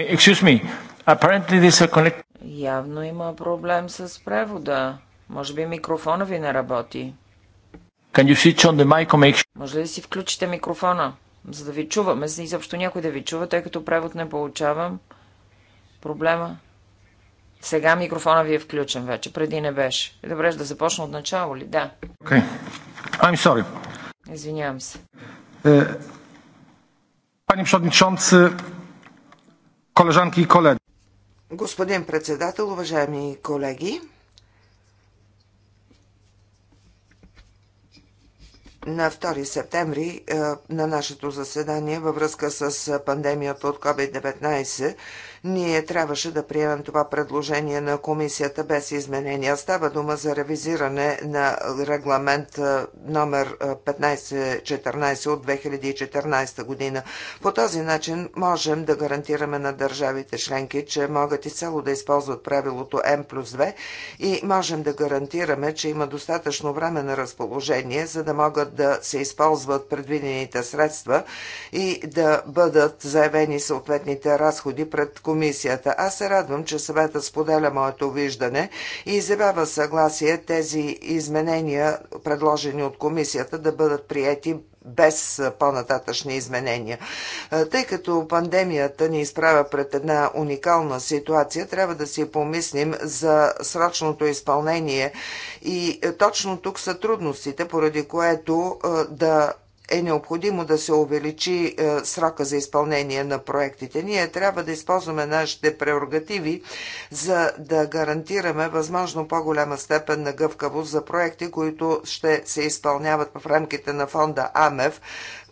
Excuse me. Apparently this connect... Явно има проблем с превода. Може би микрофона ви не работи. Can you switch on the mic or make... Може ли да си включите микрофона, за да ви чуваме? Изобщо някой да ви чува, тъй като превод не получавам. Проблема? Сега микрофона ви е включен вече, преди не беше. Е, добре, да започна от начало ли? Да. Okay. I'm sorry. Извинявам се. Е, пани Колежанки и колеги. Господин председател, уважаеми колеги, на 2 септември е, на нашето заседание във връзка с е, пандемията от COVID-19 ние трябваше да приемем това предложение на комисията без изменения. Става дума за ревизиране на регламент номер 1514 от 2014 година. По този начин можем да гарантираме на държавите членки, че могат изцяло да използват правилото М плюс 2 и можем да гарантираме, че има достатъчно време на разположение, за да могат да се използват предвидените средства и да бъдат заявени съответните разходи пред комисията. Аз се радвам, че съвета споделя моето виждане и изявява съгласие тези изменения, предложени от комисията, да бъдат приети без по-нататъчни изменения. Е, тъй като пандемията ни изправя пред една уникална ситуация, трябва да си помислим за срочното изпълнение и е, точно тук са трудностите, поради което е, да е необходимо да се увеличи е, срока за изпълнение на проектите. Ние трябва да използваме нашите прерогативи, за да гарантираме възможно по-голяма степен на гъвкавост за проекти, които ще се изпълняват в рамките на фонда АМЕФ,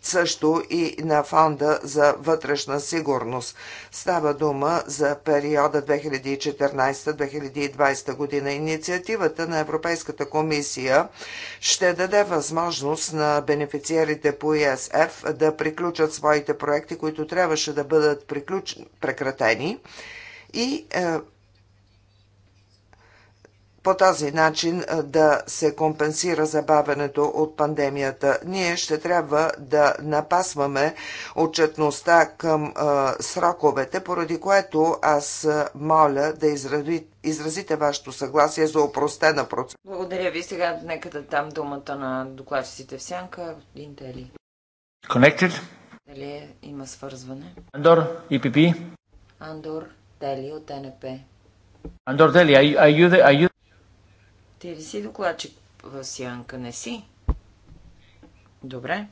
също и на Фонда за вътрешна сигурност. Става дума за периода 2014-2020 година. Инициативата на Европейската комисия ще даде възможност на бенефициерите по ИСФ да приключат своите проекти, които трябваше да бъдат приключ... прекратени и е, по този начин да се компенсира забавенето от пандемията. Ние ще трябва да напасваме отчетността към а, сроковете, поради което аз моля да изради, изразите вашето съгласие за упростена процедура. Благодаря ви. Сега нека да дам думата на докладчиците в сянка. Интели. Connected. Дали има свързване? Андор, ИПП. Андор, Дели от НП. Андор, Дели, are you, are you ти ли си докладчик в сянка? Не си? Добре.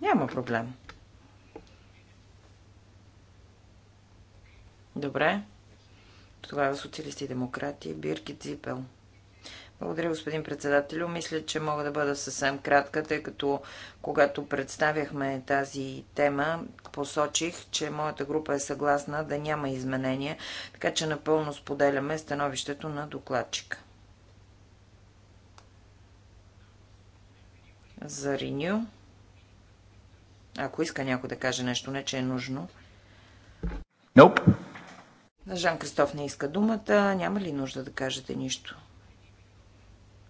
Няма проблем. Добре. Тогава е социалисти и демократи. Бирки Ципел. Благодаря, господин председателю. Мисля, че мога да бъда съвсем кратка, тъй като когато представяхме тази тема, посочих, че моята група е съгласна да няма изменения, така че напълно споделяме становището на докладчика. за Renew. Ако иска някой да каже нещо, не че е нужно. Nope. Жан Кристоф не иска думата. Няма ли нужда да кажете нищо?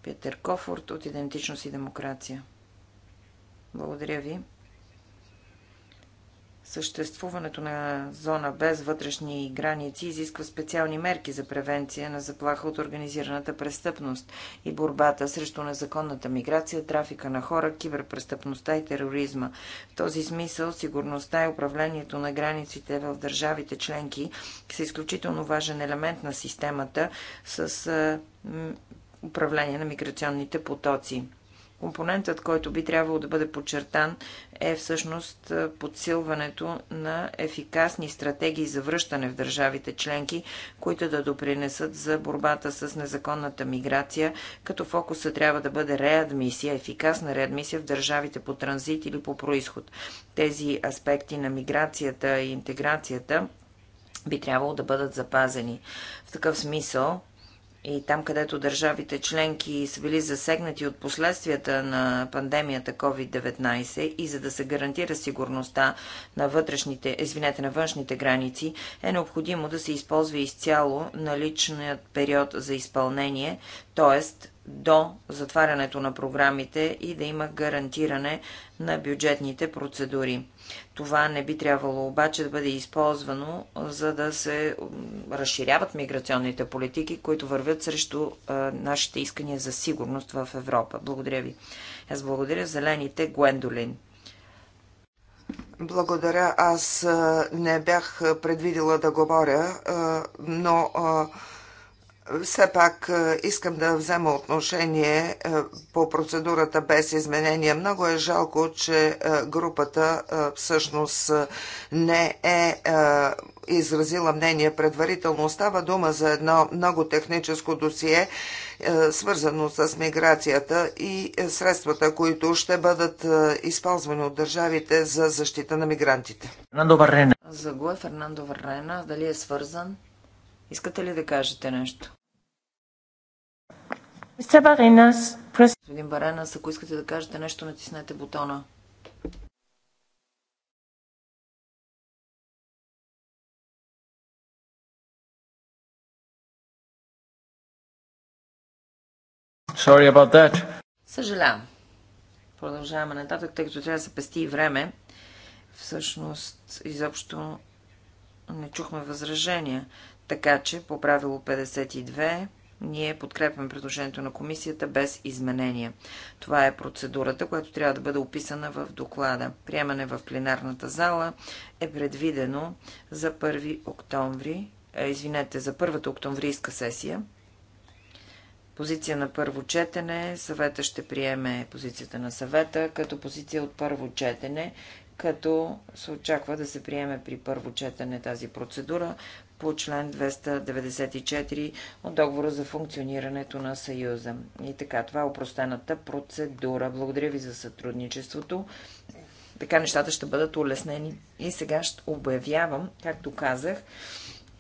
Петър Кофорт от Идентичност и демокрация. Благодаря ви. Съществуването на зона без вътрешни граници изисква специални мерки за превенция на заплаха от организираната престъпност и борбата срещу незаконната миграция, трафика на хора, киберпрестъпността и тероризма. В този смисъл сигурността и управлението на границите в държавите членки са изключително важен елемент на системата с управление на миграционните потоци. Компонентът, който би трябвало да бъде подчертан, е всъщност подсилването на ефикасни стратегии за връщане в държавите членки, които да допринесат за борбата с незаконната миграция, като фокуса трябва да бъде реадмисия, ефикасна реадмисия в държавите по транзит или по происход. Тези аспекти на миграцията и интеграцията би трябвало да бъдат запазени. В такъв смисъл и там, където държавите членки са били засегнати от последствията на пандемията COVID-19 и за да се гарантира сигурността на вътрешните, извинете, на външните граници, е необходимо да се използва изцяло наличният период за изпълнение, т.е. до затварянето на програмите и да има гарантиране на бюджетните процедури. Това не би трябвало обаче да бъде използвано, за да се разширяват миграционните политики, които вървят срещу нашите искания за сигурност в Европа. Благодаря ви. Аз благодаря зелените Гвендолин. Благодаря. Аз не бях предвидила да говоря, но все пак е, искам да взема отношение е, по процедурата без изменения. Много е жалко, че е, групата всъщност не е изразила мнение предварително. Става дума за едно много техническо досие, свързано с миграцията и средствата, които ще бъдат използвани от държавите за защита на мигрантите. Фернандо Варена. За го е Фернандо Варена. Дали е свързан? Искате ли да кажете нещо? Господин Баренас, ако искате да кажете нещо, натиснете бутона. Sorry about that. Съжалявам. Продължаваме нататък, тъй като трябва да се пести и време. Всъщност, изобщо не чухме възражения. Така че, по правило 52, ние подкрепяме предложението на комисията без изменения. Това е процедурата, която трябва да бъде описана в доклада. Приемане в пленарната зала е предвидено за 1 октомври, извинете, за първата октомврийска сесия. Позиция на първо четене. Съвета ще приеме позицията на съвета като позиция от първо четене, като се очаква да се приеме при първо четене тази процедура по член 294 от договора за функционирането на Съюза. И така, това е упростената процедура. Благодаря ви за сътрудничеството. Така нещата ще бъдат улеснени. И сега ще обявявам, както казах,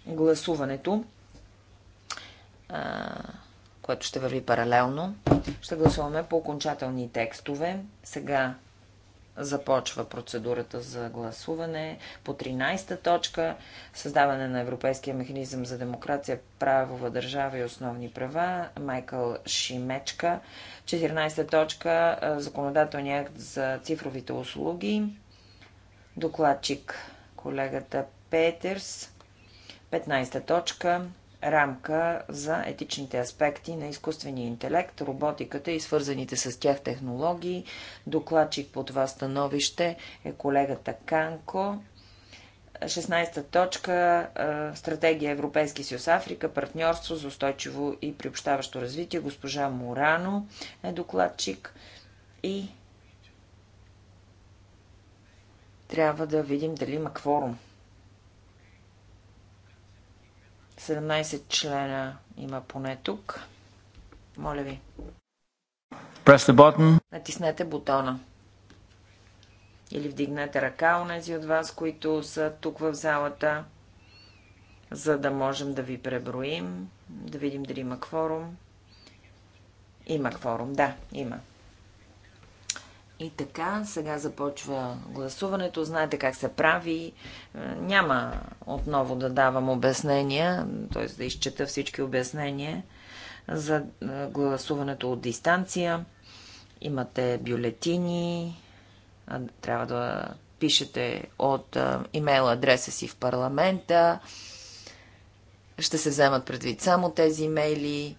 гласуването, което ще върви паралелно. Ще гласуваме по окончателни текстове. Сега започва процедурата за гласуване. По 13-та точка създаване на Европейския механизъм за демокрация, правова държава и основни права. Майкъл Шимечка. 14-та точка законодателния акт за цифровите услуги. Докладчик колегата Петерс. 15-та точка рамка за етичните аспекти на изкуствения интелект, роботиката и свързаните с тях технологии. Докладчик по това становище е колегата Канко. 16-та точка Стратегия Европейски съюз Африка партньорство за устойчиво и приобщаващо развитие. Госпожа Морано е докладчик и трябва да видим дали има кворум. 17 члена има поне тук. Моля ви. Press the button. Натиснете бутона. Или вдигнете ръка у нези от вас, които са тук в залата, за да можем да ви преброим, да видим дали има кворум. Има кворум, да, има. И така, сега започва гласуването. Знаете как се прави. Е, няма отново да давам обяснения, т.е. да изчета всички обяснения за е, гласуването от дистанция. Имате бюлетини, трябва да пишете от е, имейл адреса си в парламента. Ще се вземат предвид само тези имейли.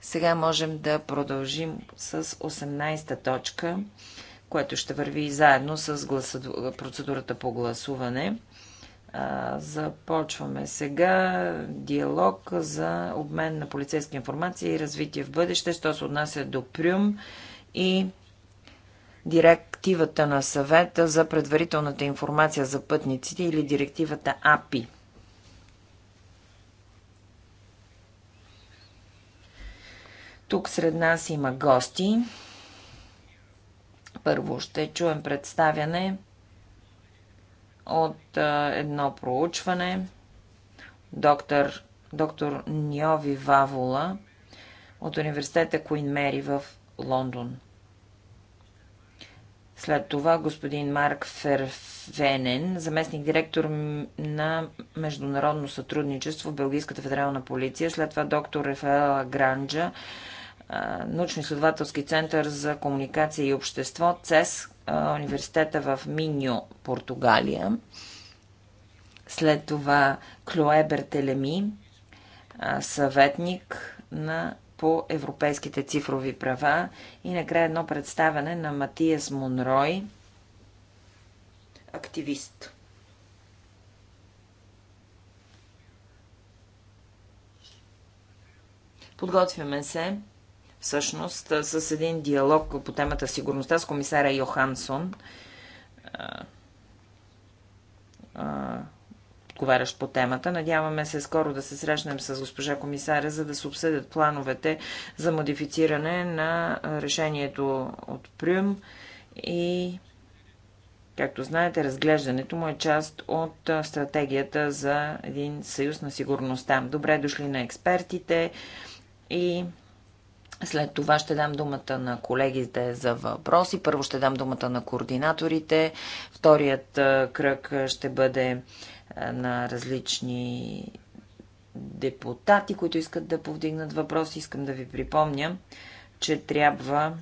Сега можем да продължим с 18-та точка което ще върви заедно с процедурата по гласуване. Започваме сега диалог за обмен на полицейска информация и развитие в бъдеще, що се отнася до Прюм и директивата на съвета за предварителната информация за пътниците или директивата АПИ. Тук сред нас има гости. Първо ще чуем представяне от едно проучване. Доктор, доктор Ньови Вавола от университета Куин Мери в Лондон. След това господин Марк Фервенен, заместник директор на международно сътрудничество в Белгийската федерална полиция. След това доктор Рафаела Гранджа, научно-изследователски център за комуникация и общество, ЦЕС, университета в Миньо, Португалия. След това Клое Бертелеми, съветник на, по европейските цифрови права. И накрая едно представяне на Матиас Монрой, активист. Подготвяме се всъщност с един диалог по темата сигурността с комисаря Йохансон, отговарящ по темата. Надяваме се скоро да се срещнем с госпожа комисаря, за да се обсъдят плановете за модифициране на решението от Прюм и Както знаете, разглеждането му е част от стратегията за един съюз на сигурността. Добре дошли на експертите и след това ще дам думата на колегите за въпроси. Първо ще дам думата на координаторите. Вторият кръг ще бъде на различни депутати, които искат да повдигнат въпроси. Искам да ви припомня, че трябва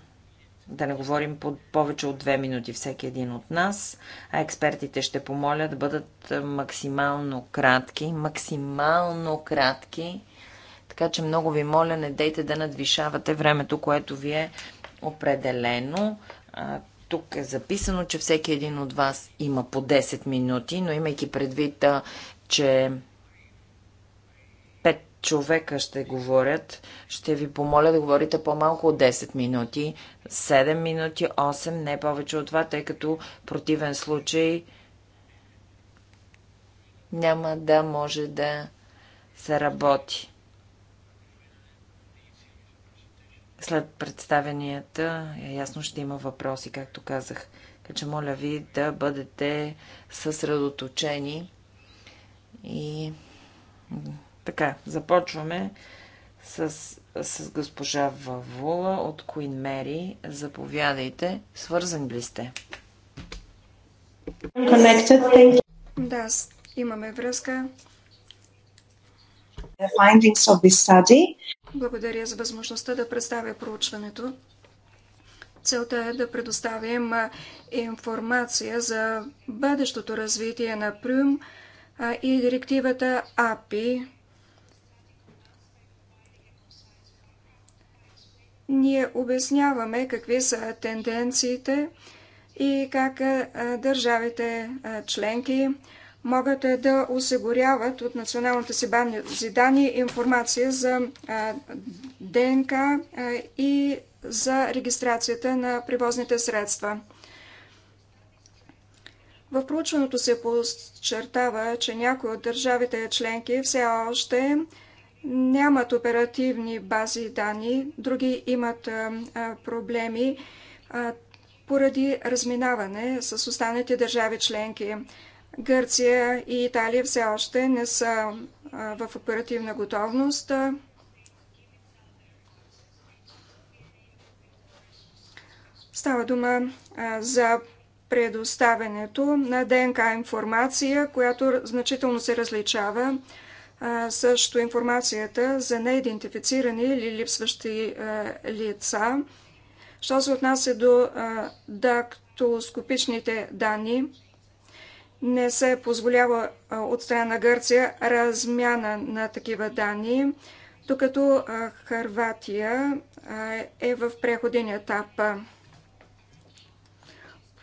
да не говорим по повече от две минути всеки един от нас, а експертите ще помоля да бъдат максимално кратки, максимално кратки, така че много ви моля, не дейте да надвишавате времето, което ви е определено. Тук е записано, че всеки един от вас има по 10 минути, но имайки предвид, че 5 човека ще говорят, ще ви помоля да говорите по-малко от 10 минути, 7 минути, 8, не повече от това, тъй като противен случай няма да може да се работи. След представенията, е ясно ще има въпроси, както казах. Така че моля ви да бъдете съсредоточени и така, започваме с, с госпожа Вавула от Куин Мери. Заповядайте, свързани ли сте? Да, имаме връзка. The findings of this study. Благодаря за възможността да представя проучването. Целта е да предоставим информация за бъдещото развитие на Прюм и директивата АПИ. Ние обясняваме какви са тенденциите и как държавите членки могат е, да осигуряват от националната си бази данни информация за ДНК и за регистрацията на превозните средства. В проучването се подчертава, че някои от държавите членки все още нямат оперативни бази данни, други имат проблеми поради разминаване с останалите държави членки. Гърция и Италия все още не са в оперативна готовност. Става дума за предоставянето на ДНК информация, която значително се различава. Също информацията за неидентифицирани или липсващи лица. Що се отнася до дактилоскопичните данни, не се позволява от страна на Гърция размяна на такива данни, докато Харватия е в преходен етап.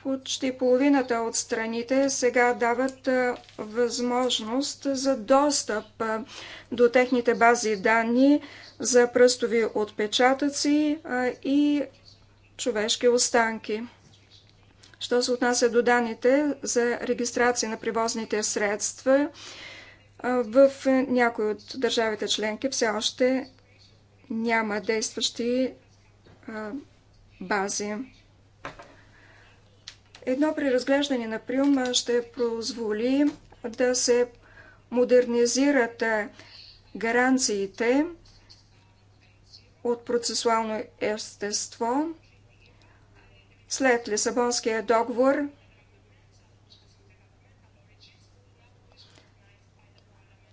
Почти половината от страните сега дават възможност за достъп до техните бази данни за пръстови отпечатъци и човешки останки. Що се отнася до данните за регистрация на превозните средства, в някои от държавите членки все още няма действащи бази. Едно преразглеждане на приума ще позволи да се модернизират гаранциите от процесуално естество – след Лисабонския договор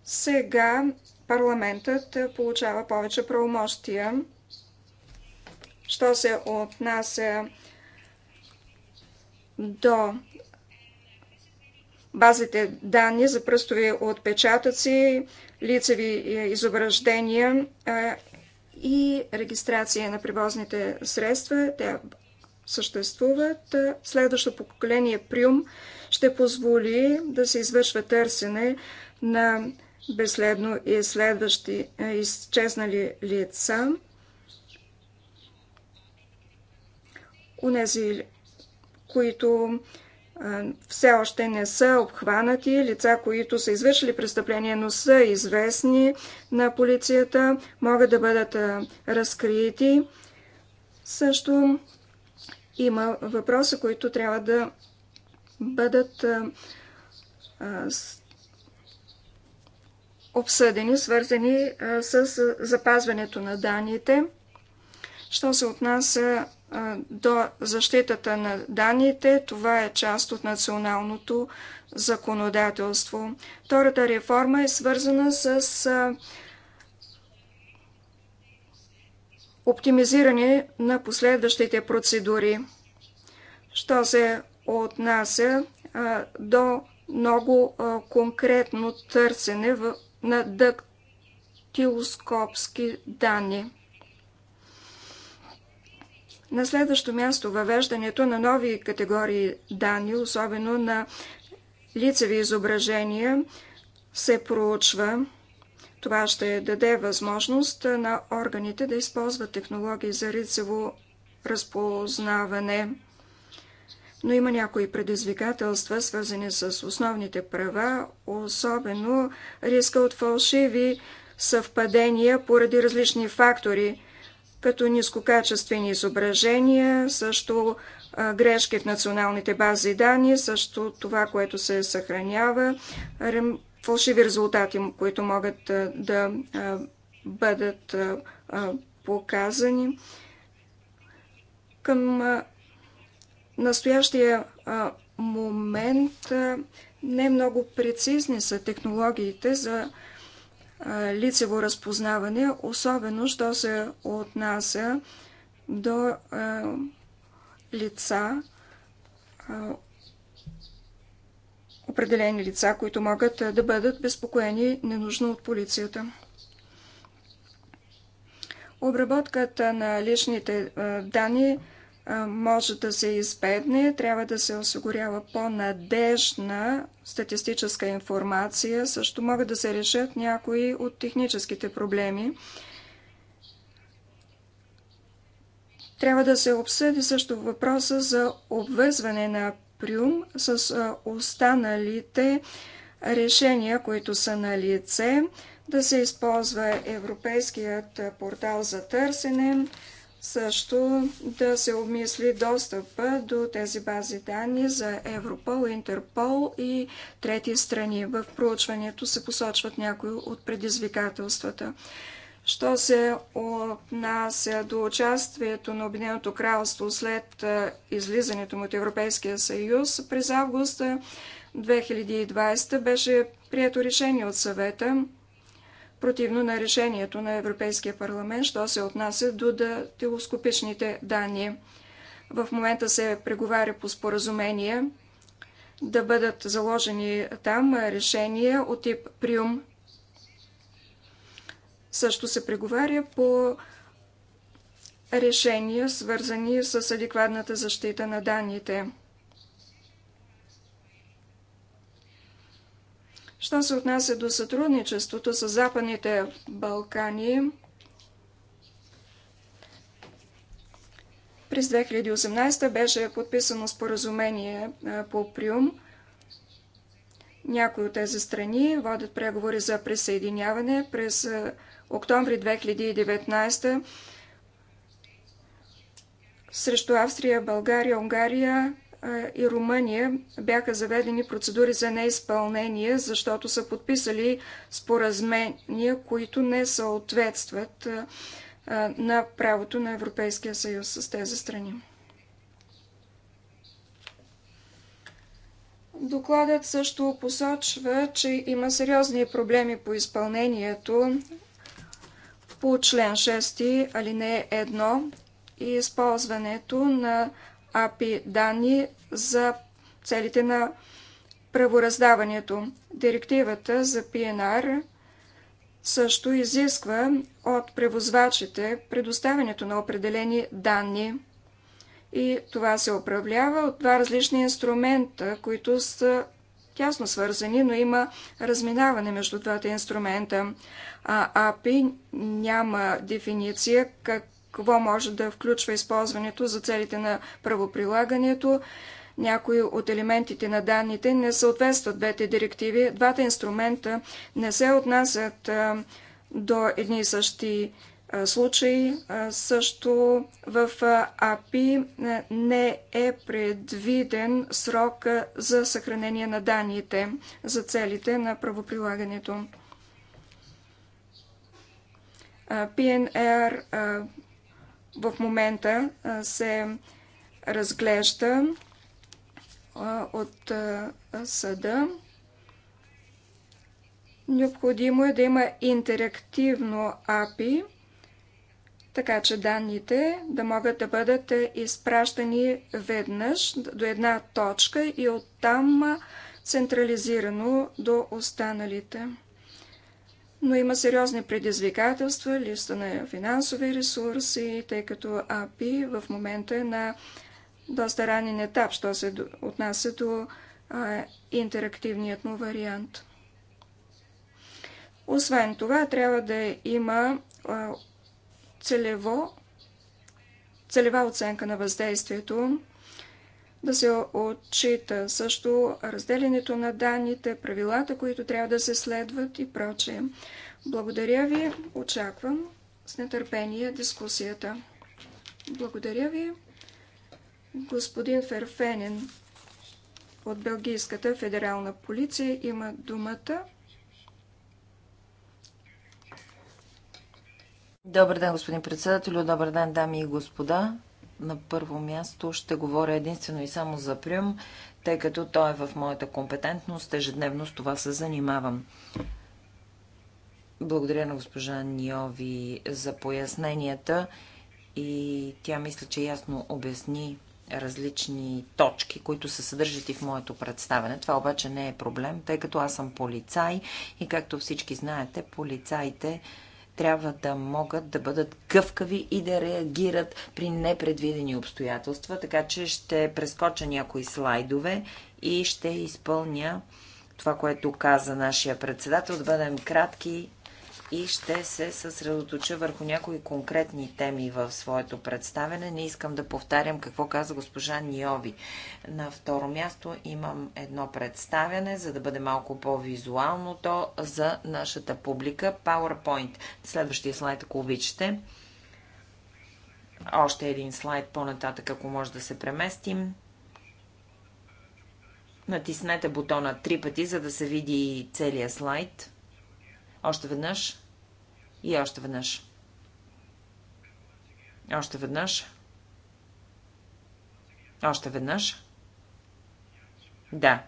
сега парламентът получава повече правомощия. Що се отнася до базите данни за пръстови отпечатъци, лицеви е, изображения е, и регистрация на превозните средства. Те съществуват. Е, следващото поколение Приум ще позволи да се извършва търсене на безследно и следващи е, изчезнали лица. Унези, които е, все още не са обхванати, лица, които са извършили престъпления, но са известни на полицията, могат да бъдат разкрити. Също има въпроса, които трябва да бъдат обсъдени, свързани с запазването на данните. Що се отнася до защитата на данните, това е част от националното законодателство. Втората реформа е свързана с оптимизиране на последващите процедури. Що се отнася а, до много а, конкретно търсене в, на дактилоскопски данни. На следващо място въвеждането на нови категории данни, особено на лицеви изображения, се проучва. Това ще даде възможност на органите да използват технологии за рицево разпознаване. Но има някои предизвикателства, свързани с основните права, особено риска от фалшиви съвпадения поради различни фактори, като нискокачествени изображения, също грешки в националните бази данни, също това, което се съхранява, фалшиви резултати, които могат да бъдат показани. Към настоящия момент не много прецизни са технологиите за лицево разпознаване, особено що се отнася до лица, определени лица, които могат да бъдат безпокоени ненужно от полицията. Обработката на личните данни може да се избегне, трябва да се осигурява по-надежна статистическа информация, също могат да се решат някои от техническите проблеми. Трябва да се обсъди също въпроса за обвързване на приум с останалите решения, които са на лице, да се използва европейският портал за търсене, също да се обмисли достъпа до тези бази данни за Европол, Интерпол и трети страни. В проучването се посочват някои от предизвикателствата. Що се отнася до участието на Обединеното кралство след е, излизането му от Европейския съюз, през август 2020 е, беше прието решение от съвета противно на решението на Европейския парламент, що се отнася до телескопичните данни. В момента се преговаря по споразумение да бъдат заложени там решения от тип Приум също се преговаря по решения, свързани с адекватната защита на данните. Що се отнася до сътрудничеството с Западните Балкани, през 2018 беше подписано споразумение по Приум. Някои от тези страни водят преговори за присъединяване през октомври 2019 срещу Австрия, България, Унгария и Румъния бяха заведени процедури за неизпълнение, защото са подписали споразумения, които не съответстват на правото на Европейския съюз с тези страни. Докладът също посочва, че има сериозни проблеми по изпълнението по член 6, алинея 1 и използването на API данни за целите на правораздаването. Директивата за PNR също изисква от превозвачите предоставянето на определени данни. И това се управлява от два различни инструмента, които са тясно свързани, но има разминаване между двата инструмента. А АПИ няма дефиниция какво може да включва използването за целите на правоприлагането. Някои от елементите на данните не съответстват двете директиви. Двата инструмента не се отнасят до едни и същи случай също в АПИ не е предвиден срок за съхранение на данните за целите на правоприлагането. ПНР в момента се разглежда от съда. Необходимо е да има интерактивно API, така че данните да могат да бъдат изпращани веднъж до една точка и оттам централизирано до останалите. Но има сериозни предизвикателства, листа на финансови ресурси, тъй като АПИ в момента е на доста ранен етап, що се отнася до а, интерактивният му вариант. Освен това, трябва да има а, целево, целева оценка на въздействието, да се отчита също разделянето на данните, правилата, които трябва да се следват и прочее. Благодаря ви, очаквам с нетърпение дискусията. Благодаря ви, господин Ферфенен от Белгийската федерална полиция има думата. Добър ден, господин председател, добър ден, дами и господа. На първо място ще говоря единствено и само за Прюм, тъй като той е в моята компетентност. Ежедневно с това се занимавам. Благодаря на госпожа Ниови за поясненията и тя мисля, че ясно обясни различни точки, които се съдържат и в моето представене. Това обаче не е проблем, тъй като аз съм полицай и както всички знаете, полицаите трябва да могат да бъдат гъвкави и да реагират при непредвидени обстоятелства, така че ще прескоча някои слайдове и ще изпълня това, което каза нашия председател, да бъдем кратки и ще се съсредоточа върху някои конкретни теми в своето представене. Не искам да повтарям какво каза госпожа Ниови. На второ място имам едно представяне, за да бъде малко по-визуално то за нашата публика. PowerPoint. Следващия слайд, ако обичате. Още един слайд по-нататък, ако може да се преместим. Натиснете бутона три пъти, за да се види целият слайд. Още веднъж. И още веднъж. Още веднъж. Още веднъж. Да.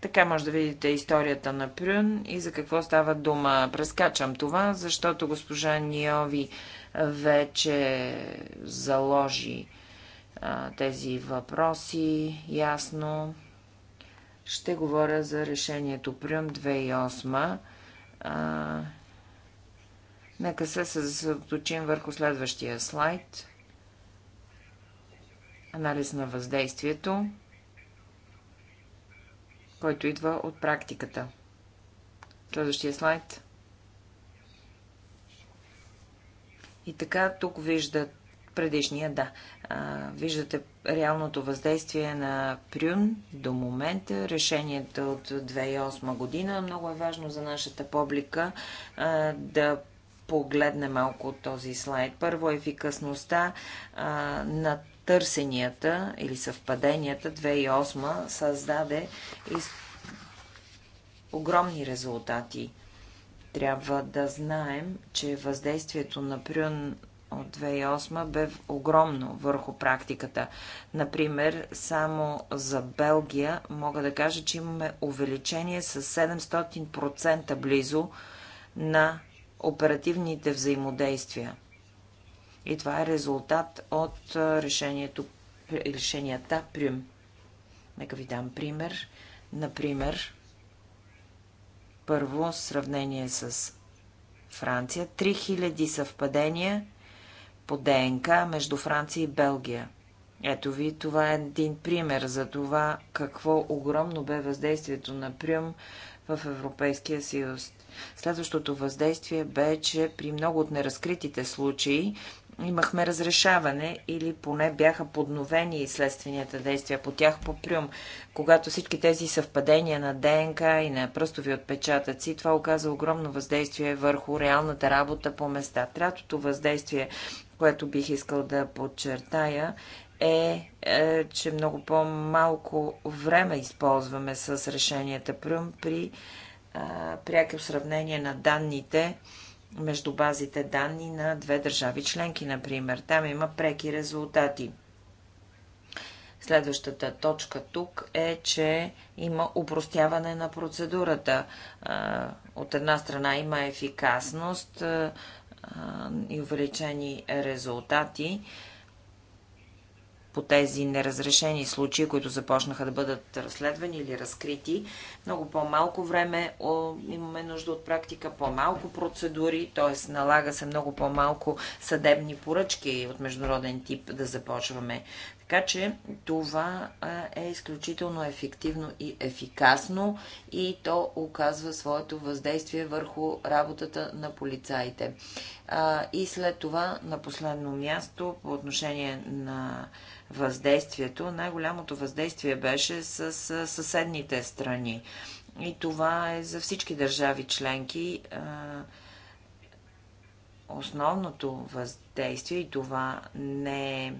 Така може да видите историята на Прюн и за какво става дума. Прескачам това, защото госпожа Ниови вече заложи а, тези въпроси ясно ще говоря за решението Прюм 2008. А, нека се съсредоточим върху следващия слайд. Анализ на въздействието, който идва от практиката. Следващия слайд. И така тук виждат Предишния, да. А, виждате реалното въздействие на Прюн до момента, решението от 2008 година. Много е важно за нашата публика а, да погледне малко от този слайд. Първо ефикасността а, на търсенията или съвпаденията 2008 създаде из... огромни резултати. Трябва да знаем, че въздействието на Прюн от 2008 бе огромно върху практиката. Например, само за Белгия мога да кажа, че имаме увеличение с 700% близо на оперативните взаимодействия. И това е резултат от решението, решенията Прим. Нека ви дам пример. Например, първо сравнение с Франция. 3000 съвпадения по ДНК между Франция и Белгия. Ето ви, това е един пример за това какво огромно бе въздействието на Прюм в Европейския съюз. Следващото въздействие бе, че при много от неразкритите случаи имахме разрешаване или поне бяха подновени следственията действия по тях по Прюм. Когато всички тези съвпадения на ДНК и на пръстови отпечатъци, това оказа огромно въздействие върху реалната работа по места. Третото въздействие което бих искал да подчертая, е, е че много по-малко време използваме с решенията Прюм при е, пряко сравнение на данните между базите данни на две държави членки, например. Там има преки резултати. Следващата точка тук е, че има упростяване на процедурата. Е, от една страна има ефикасност, е, и увеличени резултати по тези неразрешени случаи, които започнаха да бъдат разследвани или разкрити. Много по-малко време имаме нужда от практика, по-малко процедури, т.е. налага се много по-малко съдебни поръчки от международен тип да започваме. Така че това е изключително ефективно и ефикасно и то оказва своето въздействие върху работата на полицаите. И след това, на последно място, по отношение на въздействието, най-голямото въздействие беше с съседните страни. И това е за всички държави членки основното въздействие и това не е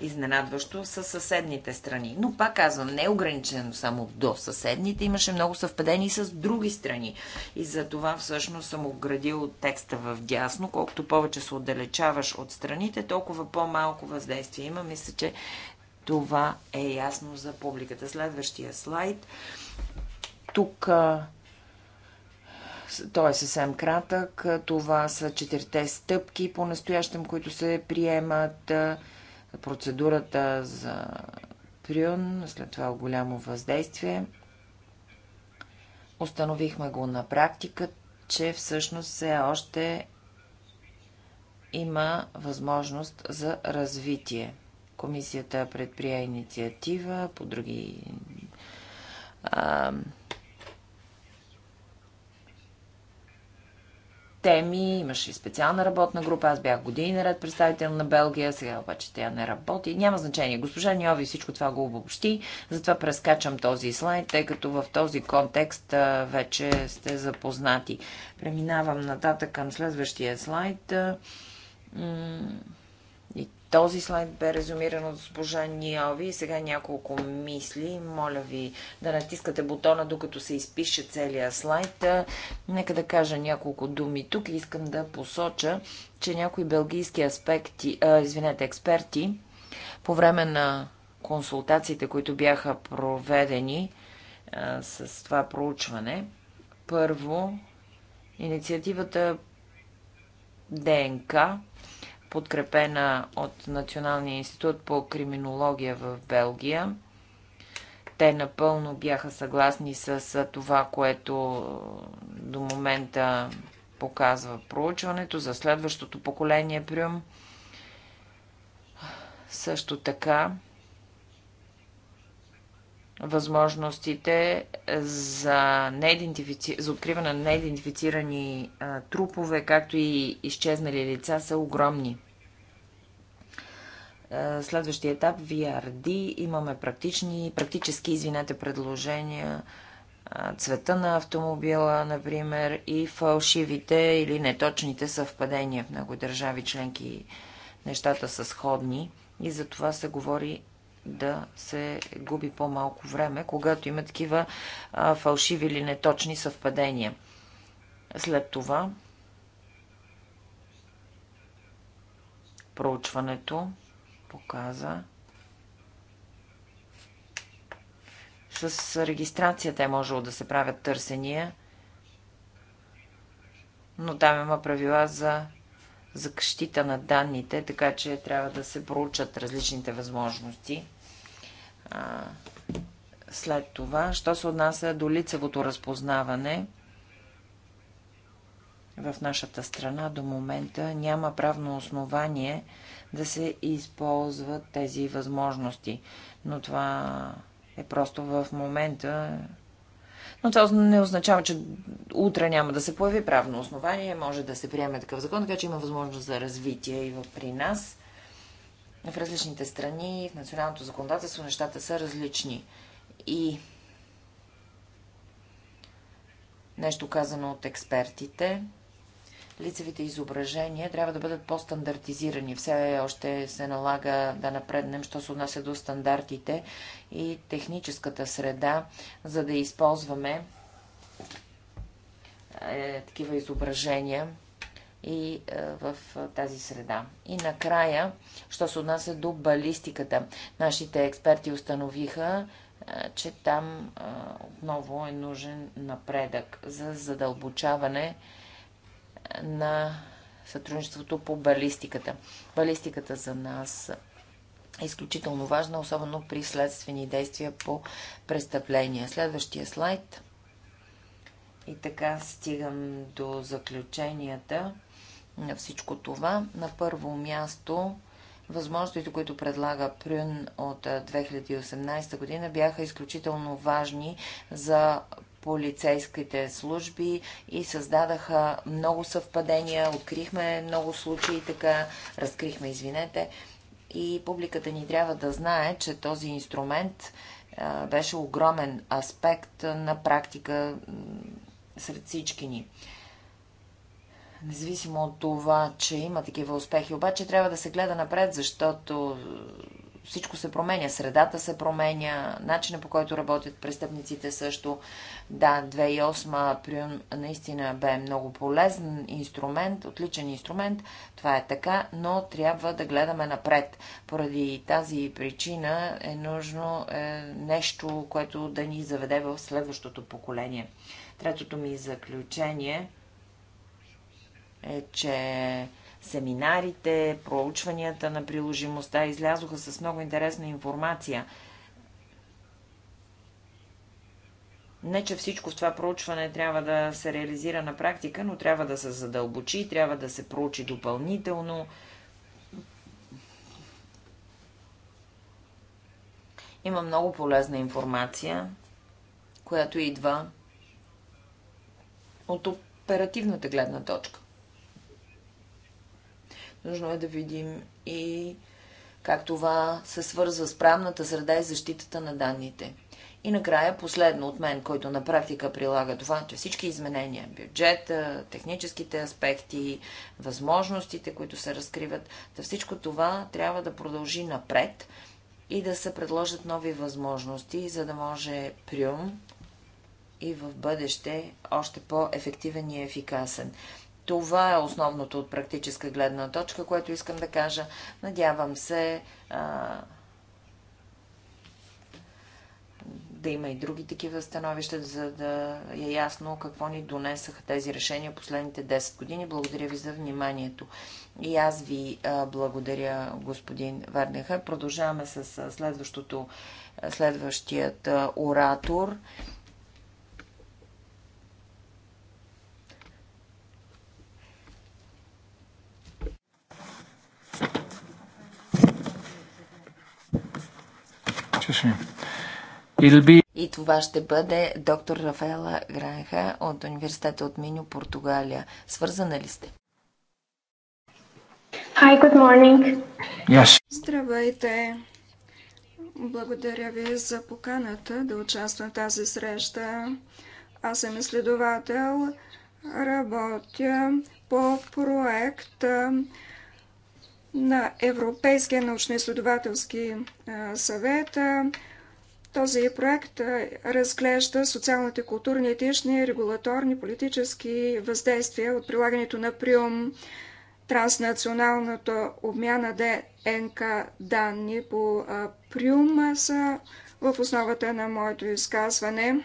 изненадващо с съседните страни. Но пак казвам, не е ограничено само до съседните, имаше много съвпадени с други страни. И за това всъщност съм оградил текста в дясно. Колкото повече се отдалечаваш от страните, толкова по-малко въздействие има. Мисля, че това е ясно за публиката. Следващия слайд. Тук той е съвсем кратък. Това са четирите стъпки по-настоящем, които се приемат процедурата за Прюн, след това голямо въздействие. Установихме го на практика, че всъщност все още има възможност за развитие. Комисията предприе инициатива по други а, теми, имаше и специална работна група, аз бях години наред представител на Белгия, сега обаче тя не работи. Няма значение. Госпожа Ньови всичко това го обобщи, затова прескачам този слайд, тъй като в този контекст вече сте запознати. Преминавам нататък към следващия слайд. Този слайд бе резюмиран от госпожа Ниови. Сега няколко мисли. Моля ви да натискате бутона, докато се изпише целият слайд. Нека да кажа няколко думи. Тук искам да посоча, че някои белгийски аспекти, а, извинете, експерти по време на консултациите, които бяха проведени а, с това проучване, първо инициативата ДНК подкрепена от Националния институт по криминология в Белгия. Те напълно бяха съгласни с това, което до момента показва проучването за следващото поколение Прюм. Също така възможностите за, неидентифици... за откриване на неидентифицирани а, трупове, както и изчезнали лица, са огромни. А, следващия етап VRD. Имаме практични, практически, извинете, предложения цвета на автомобила, например, и фалшивите или неточните съвпадения. В много държави членки нещата са сходни и за това се говори да се губи по-малко време, когато има такива а, фалшиви или неточни съвпадения. След това проучването показа с регистрацията е можело да се правят търсения, но там има правила за защита на данните, така че трябва да се проучат различните възможности след това. Що се отнася до лицевото разпознаване, в нашата страна до момента няма правно основание да се използват тези възможности. Но това е просто в момента. Но това не означава, че утре няма да се появи правно основание, може да се приеме такъв закон, така че има възможност за развитие и при нас в различните страни, в националното законодателство нещата са различни. И нещо казано от експертите, лицевите изображения трябва да бъдат по-стандартизирани. Все още се налага да напреднем, що се отнася до стандартите и техническата среда, за да използваме е, такива изображения и е, в е, тази среда. И накрая, що се отнася до балистиката. Нашите експерти установиха, е, че там отново е нужен напредък за задълбочаване на сътрудничеството по балистиката. Балистиката за нас е изключително важна, особено при следствени действия по престъпления. Следващия слайд. И така стигам до заключенията на всичко това. На първо място възможностите, които предлага Прюн от 2018 година, бяха изключително важни за полицейските служби и създадаха много съвпадения, открихме много случаи така, разкрихме, извинете, и публиката ни трябва да знае, че този инструмент беше огромен аспект на практика сред всички ни. Независимо от това, че има такива успехи, обаче трябва да се гледа напред, защото всичко се променя, средата се променя, начина по който работят престъпниците също. Да, 2008 наистина бе много полезен инструмент, отличен инструмент, това е така, но трябва да гледаме напред. Поради тази причина е нужно е, нещо, което да ни заведе в следващото поколение. Третото ми заключение – е, че семинарите, проучванията на приложимостта излязоха с много интересна информация. Не, че всичко в това проучване трябва да се реализира на практика, но трябва да се задълбочи, трябва да се проучи допълнително. Има много полезна информация, която идва от оперативната гледна точка. Нужно е да видим и как това се свързва с правната среда и защитата на данните. И накрая последно от мен, който на практика прилага това, че всички изменения, бюджета, техническите аспекти, възможностите, които се разкриват, да всичко това трябва да продължи напред и да се предложат нови възможности, за да може Прюм и в бъдеще още по-ефективен и ефикасен. Това е основното от практическа гледна точка, което искам да кажа. Надявам се а, да има и други такива становища, за да е ясно какво ни донесаха тези решения последните 10 години. Благодаря ви за вниманието. И аз ви благодаря, господин Варнеха. Продължаваме с следващото, следващият оратор. И това ще бъде доктор Рафаела Гранха от университета от Миню, Португалия. Свързана ли сте? Hi, good morning. Yes. Здравейте. Благодаря ви за поканата да участвам в тази среща. Аз съм изследовател, работя по проект на Европейския научно-изследователски съвет. Този проект разглежда социалните, културни, етични, регулаторни, политически въздействия от прилагането на приум транснационалната обмяна ДНК данни по приум са в основата на моето изказване.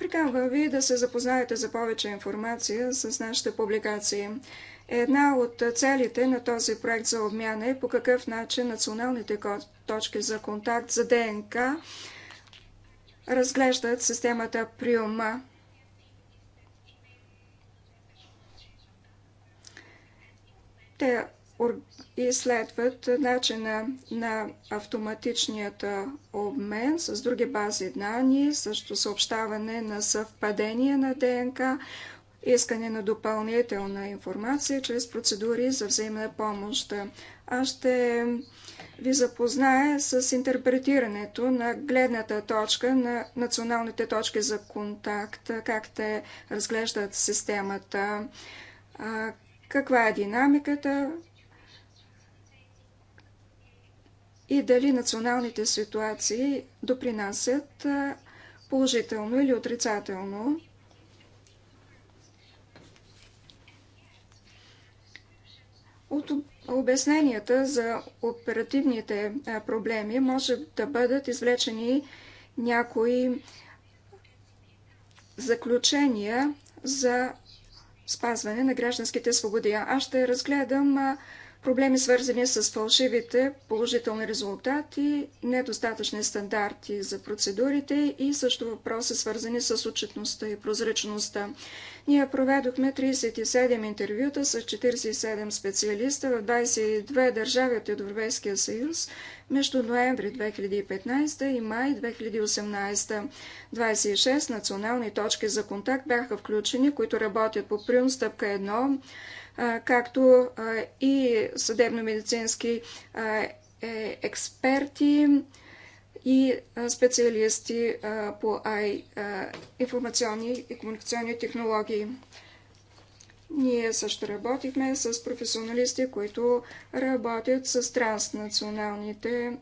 Приканвам ви да се запознаете за повече информация с нашите публикации. Една от целите на този проект за обмяна е по какъв начин националните точки за контакт за ДНК разглеждат системата Приума. Те и следват начина на автоматичният обмен с други бази данни, също съобщаване на съвпадение на ДНК, искане на допълнителна информация чрез процедури за взаимна помощ. Аз ще ви запозная с интерпретирането на гледната точка на националните точки за контакт, как те разглеждат системата, каква е динамиката, и дали националните ситуации допринасят положително или отрицателно. От обясненията за оперативните проблеми може да бъдат извлечени някои заключения за спазване на гражданските свободи. Аз ще разгледам проблеми свързани с фалшивите положителни резултати, недостатъчни стандарти за процедурите и също въпроси свързани с отчетността и прозрачността. Ние проведохме 37 интервюта с 47 специалиста в 22 държави от Европейския съюз между ноември 2015 и май 2018. 26 национални точки за контакт бяха включени, които работят по приум стъпка 1 както и съдебно-медицински е, експерти и специалисти по информационни и комуникационни технологии. Ние също работихме с професионалисти, които работят с транснационалните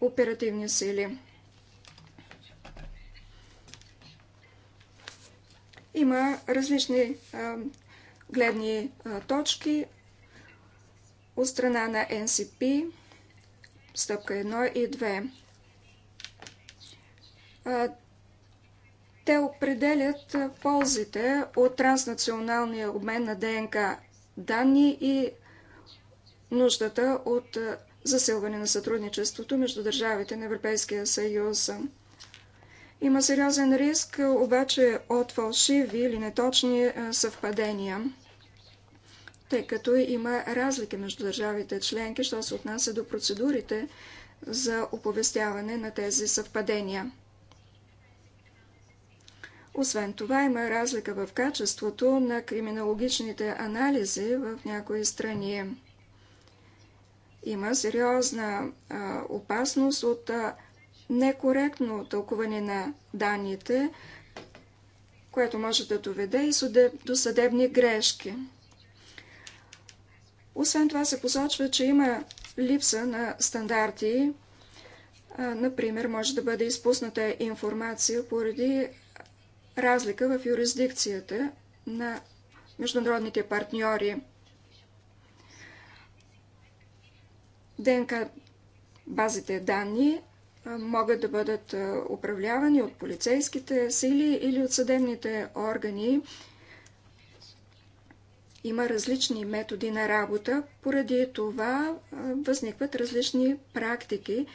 оперативни сили. Има различни гледни точки от страна на NCP, стъпка 1 и 2. Те определят ползите от транснационалния обмен на ДНК данни и нуждата от засилване на сътрудничеството между държавите на Европейския съюз. Има сериозен риск е, обаче от фалшиви или неточни е, съвпадения, тъй като има разлики между държавите членки, що се отнася до процедурите за оповестяване на тези съвпадения. Освен това, има разлика в качеството на криминологичните анализи в някои страни. Има сериозна опасност от некоректно тълкуване на данните, което може да доведе и до съдебни грешки. Освен това се посочва, че има липса на стандарти. Например, може да бъде изпусната информация поради разлика в юрисдикцията на международните партньори. ДНК базите данни могат да бъдат управлявани от полицейските сили или от съдебните органи. Има различни методи на работа, поради това възникват различни практики,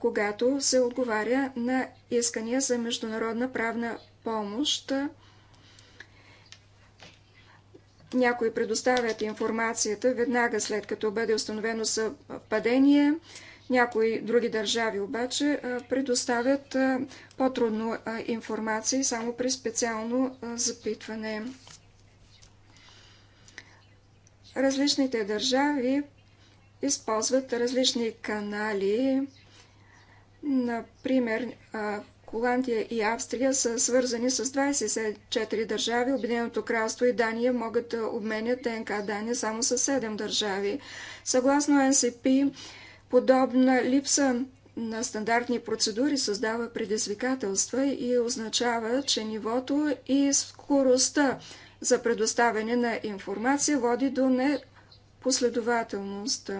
когато се отговаря на искания за международна правна помощ. Някои предоставят информацията веднага след като бъде установено съвпадение, някои други държави обаче предоставят по-трудно информация само при специално запитване. Различните държави използват различни канали. Например, Холандия и Австрия са свързани с 24 държави. Обединеното кралство и Дания могат да обменят ДНК данни само с 7 държави. Съгласно НСП, Подобна липса на стандартни процедури създава предизвикателства и означава, че нивото и скоростта за предоставяне на информация води до непоследователност.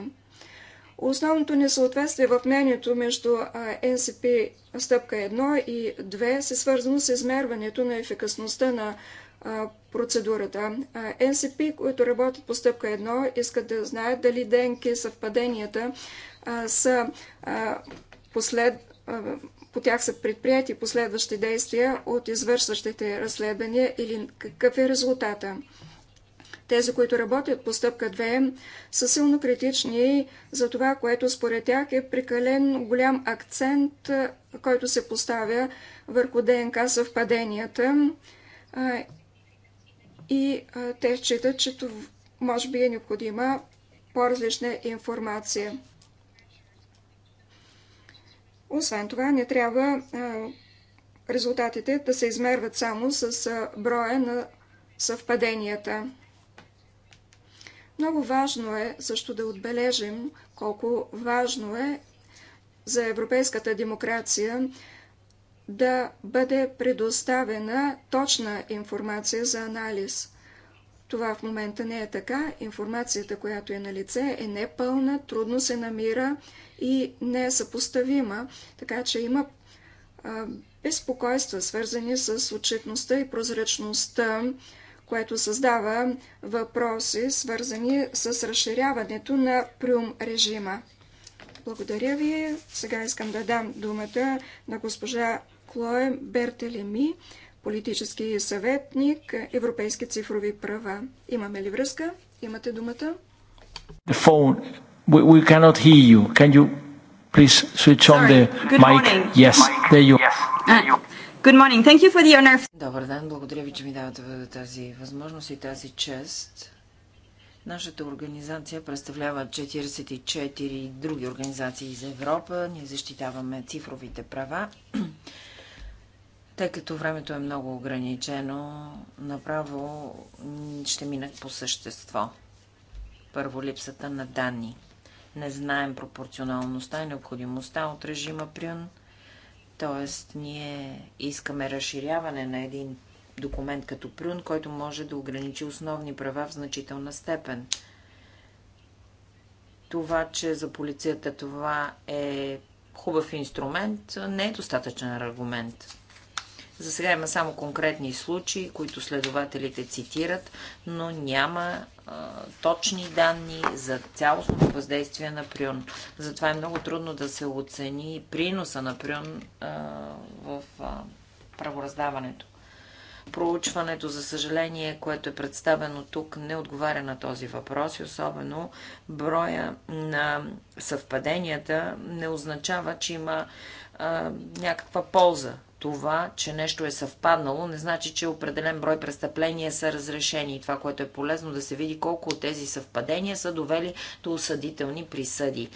Основното несъответствие в мнението между NCP стъпка 1 и 2 се свързано с измерването на ефикасността на процедурата. НСП, които работят по стъпка 1, искат да знаят дали ДНК съвпаденията са послед... по тях са предприяти последващи действия от извършващите разследвания или какъв е резултата. Тези, които работят по стъпка 2, са силно критични за това, което според тях е прекален голям акцент, който се поставя върху ДНК съвпаденията. И те считат, че може би е необходима по-различна информация. Освен това, не трябва резултатите да се измерват само с броя на съвпаденията. Много важно е също да отбележим колко важно е за европейската демокрация да бъде предоставена точна информация за анализ. Това в момента не е така. Информацията, която е на лице, е непълна, трудно се намира и не е съпоставима, така че има безпокойства, свързани с отчетността и прозрачността, което създава въпроси, свързани с разширяването на прюм режима. Благодаря ви. Сега искам да дам думата на госпожа Клое Бертелеми, политически съветник, Европейски цифрови права. Имаме ли връзка? Имате думата. The phone We, we cannot hear you. Can you please switch on the Good mic? Morning. Yes, mic. there you are. Ah, good morning. Thank you for the honor. Добър ден. Благодаря ви, че ми давате тази възможност и тази чест. Нашата организация представлява 44 други организации из Европа. Ние защитаваме цифровите права. Тъй като времето е много ограничено, направо ще мина по същество. Първо липсата на данни – не знаем пропорционалността и необходимостта от режима Прюн. Тоест, ние искаме разширяване на един документ като Прюн, който може да ограничи основни права в значителна степен. Това, че за полицията това е хубав инструмент, не е достатъчен аргумент. За сега има само конкретни случаи, които следователите цитират, но няма а, точни данни за цялостното въздействие на Прюн. Затова е много трудно да се оцени приноса на Прюн а, в а, правораздаването. Проучването, за съжаление, което е представено тук, не отговаря на този въпрос и особено броя на съвпаденията не означава, че има а, някаква полза това, че нещо е съвпаднало, не значи, че определен брой престъпления са разрешени. И това, което е полезно да се види колко от тези съвпадения са довели до осъдителни присъди.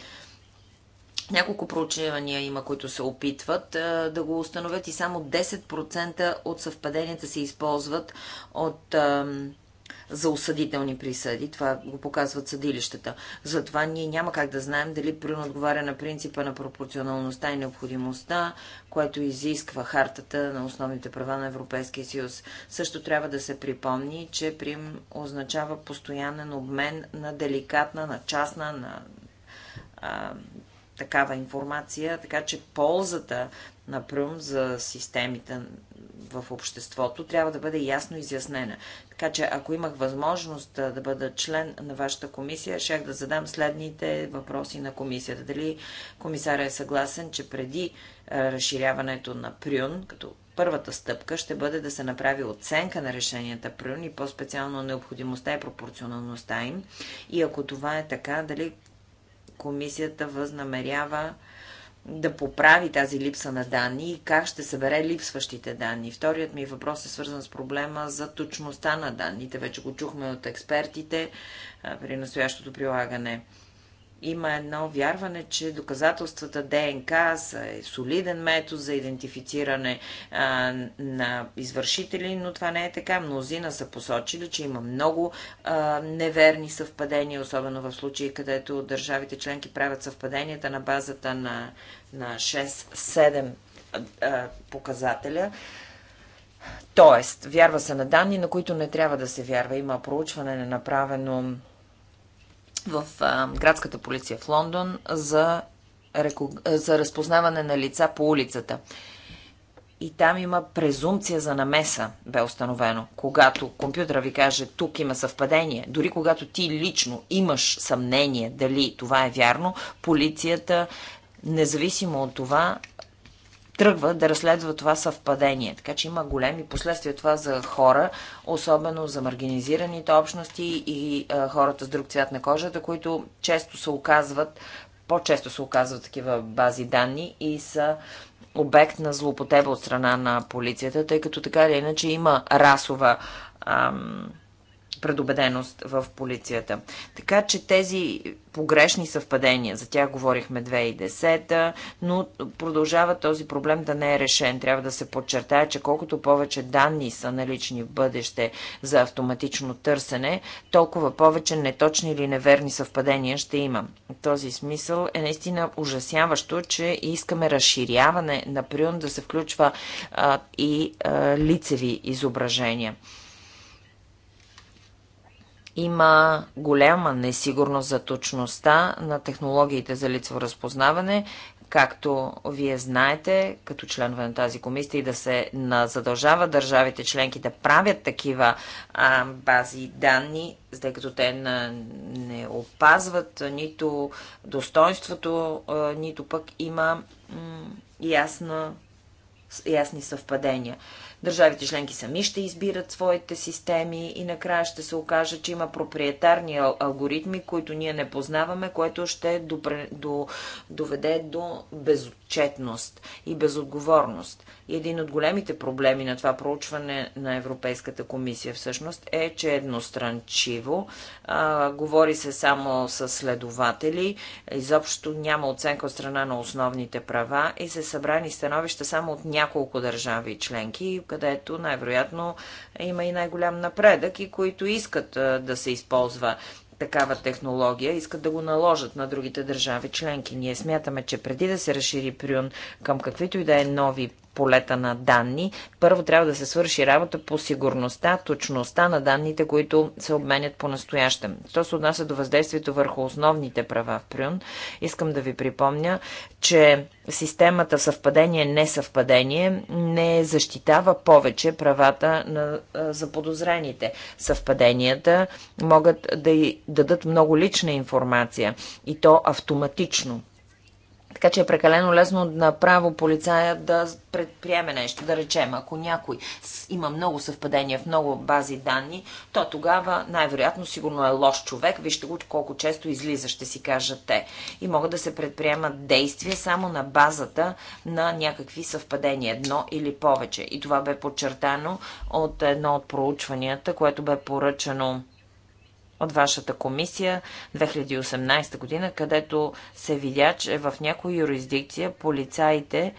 Няколко проучвания има, които се опитват а, да го установят и само 10% от съвпаденията се използват от а, за осъдителни присъди. Това го показват съдилищата. Затова ние няма как да знаем дали прин отговаря на принципа на пропорционалността и необходимостта, което изисква хартата на основните права на Европейския съюз. Също трябва да се припомни, че Прим означава постоянен обмен на деликатна, на частна, на а, такава информация, така че ползата на Прюм за системите в обществото трябва да бъде ясно изяснена. Така че, ако имах възможност да бъда член на вашата комисия, щях да задам следните въпроси на комисията. Дали комисаря е съгласен, че преди разширяването на Прюн, като първата стъпка ще бъде да се направи оценка на решенията Прюн и по-специално необходимостта и пропорционалността им. И ако това е така, дали комисията възнамерява да поправи тази липса на данни и как ще събере липсващите данни. Вторият ми въпрос е свързан с проблема за точността на данните. Вече го чухме от експертите при настоящото прилагане има едно вярване, че доказателствата ДНК са е солиден метод за идентифициране а, на извършители, но това не е така. Мнозина са посочили, че има много а, неверни съвпадения, особено в случаи, където държавите членки правят съвпаденията на базата на, на 6-7 показателя. Тоест, вярва се на данни, на които не трябва да се вярва. Има проучване, направено в а, градската полиция в Лондон за, реку... за разпознаване на лица по улицата. И там има презумпция за намеса, бе установено. Когато компютъра ви каже, тук има съвпадение, дори когато ти лично имаш съмнение дали това е вярно, полицията, независимо от това, тръгва да разследва това съвпадение. Така че има големи последствия това за хора, особено за маргинизираните общности и а, хората с друг цвят на кожата, които често се оказват, по-често се оказват такива бази данни и са обект на злопотеба от страна на полицията, тъй като така или иначе има расова ам, предубеденост в полицията. Така че тези погрешни съвпадения, за тях говорихме 2010, но продължава този проблем да не е решен. Трябва да се подчертая, че колкото повече данни са налични в бъдеще за автоматично търсене, толкова повече неточни или неверни съвпадения ще има. В този смисъл е наистина ужасяващо, че искаме разширяване на прион да се включва а, и а, лицеви изображения. Има голяма несигурност за точността на технологиите за лицево разпознаване, както вие знаете, като членове на тази комисия, и да се задължава държавите членки да правят такива а, бази данни, тъй като те на, не опазват нито достоинството, а, нито пък има ясна, ясни съвпадения. Държавите членки сами ще избират своите системи и накрая ще се окаже, че има проприетарни алгоритми, които ние не познаваме, което ще доведе до без безотчетност и безотговорност. И един от големите проблеми на това проучване на Европейската комисия всъщност е, че е едностранчиво а, говори се само с следователи, изобщо няма оценка от страна на основните права и се събрани становища само от няколко държави членки, където най-вероятно има и най-голям напредък и които искат а, да се използва такава технология, искат да го наложат на другите държави членки. Ние смятаме, че преди да се разшири Прюн към каквито и да е нови полета на данни. Първо трябва да се свърши работа по сигурността, точността на данните, които се обменят по настоящем. Що се отнася до въздействието върху основните права в Прюн, искам да ви припомня, че системата съвпадение-несъвпадение не защитава повече правата на заподозрените. Съвпаденията могат да дадат много лична информация и то автоматично. Така че е прекалено лесно направо полицая да предприеме нещо. Да речем, ако някой има много съвпадения в много бази данни, то тогава най-вероятно сигурно е лош човек. Вижте го колко често излиза, ще си кажат те. И могат да се предприемат действия само на базата на някакви съвпадения, едно или повече. И това бе подчертано от едно от проучванията, което бе поръчано от вашата комисия 2018 година, където се видя, че в някоя юрисдикция полицаите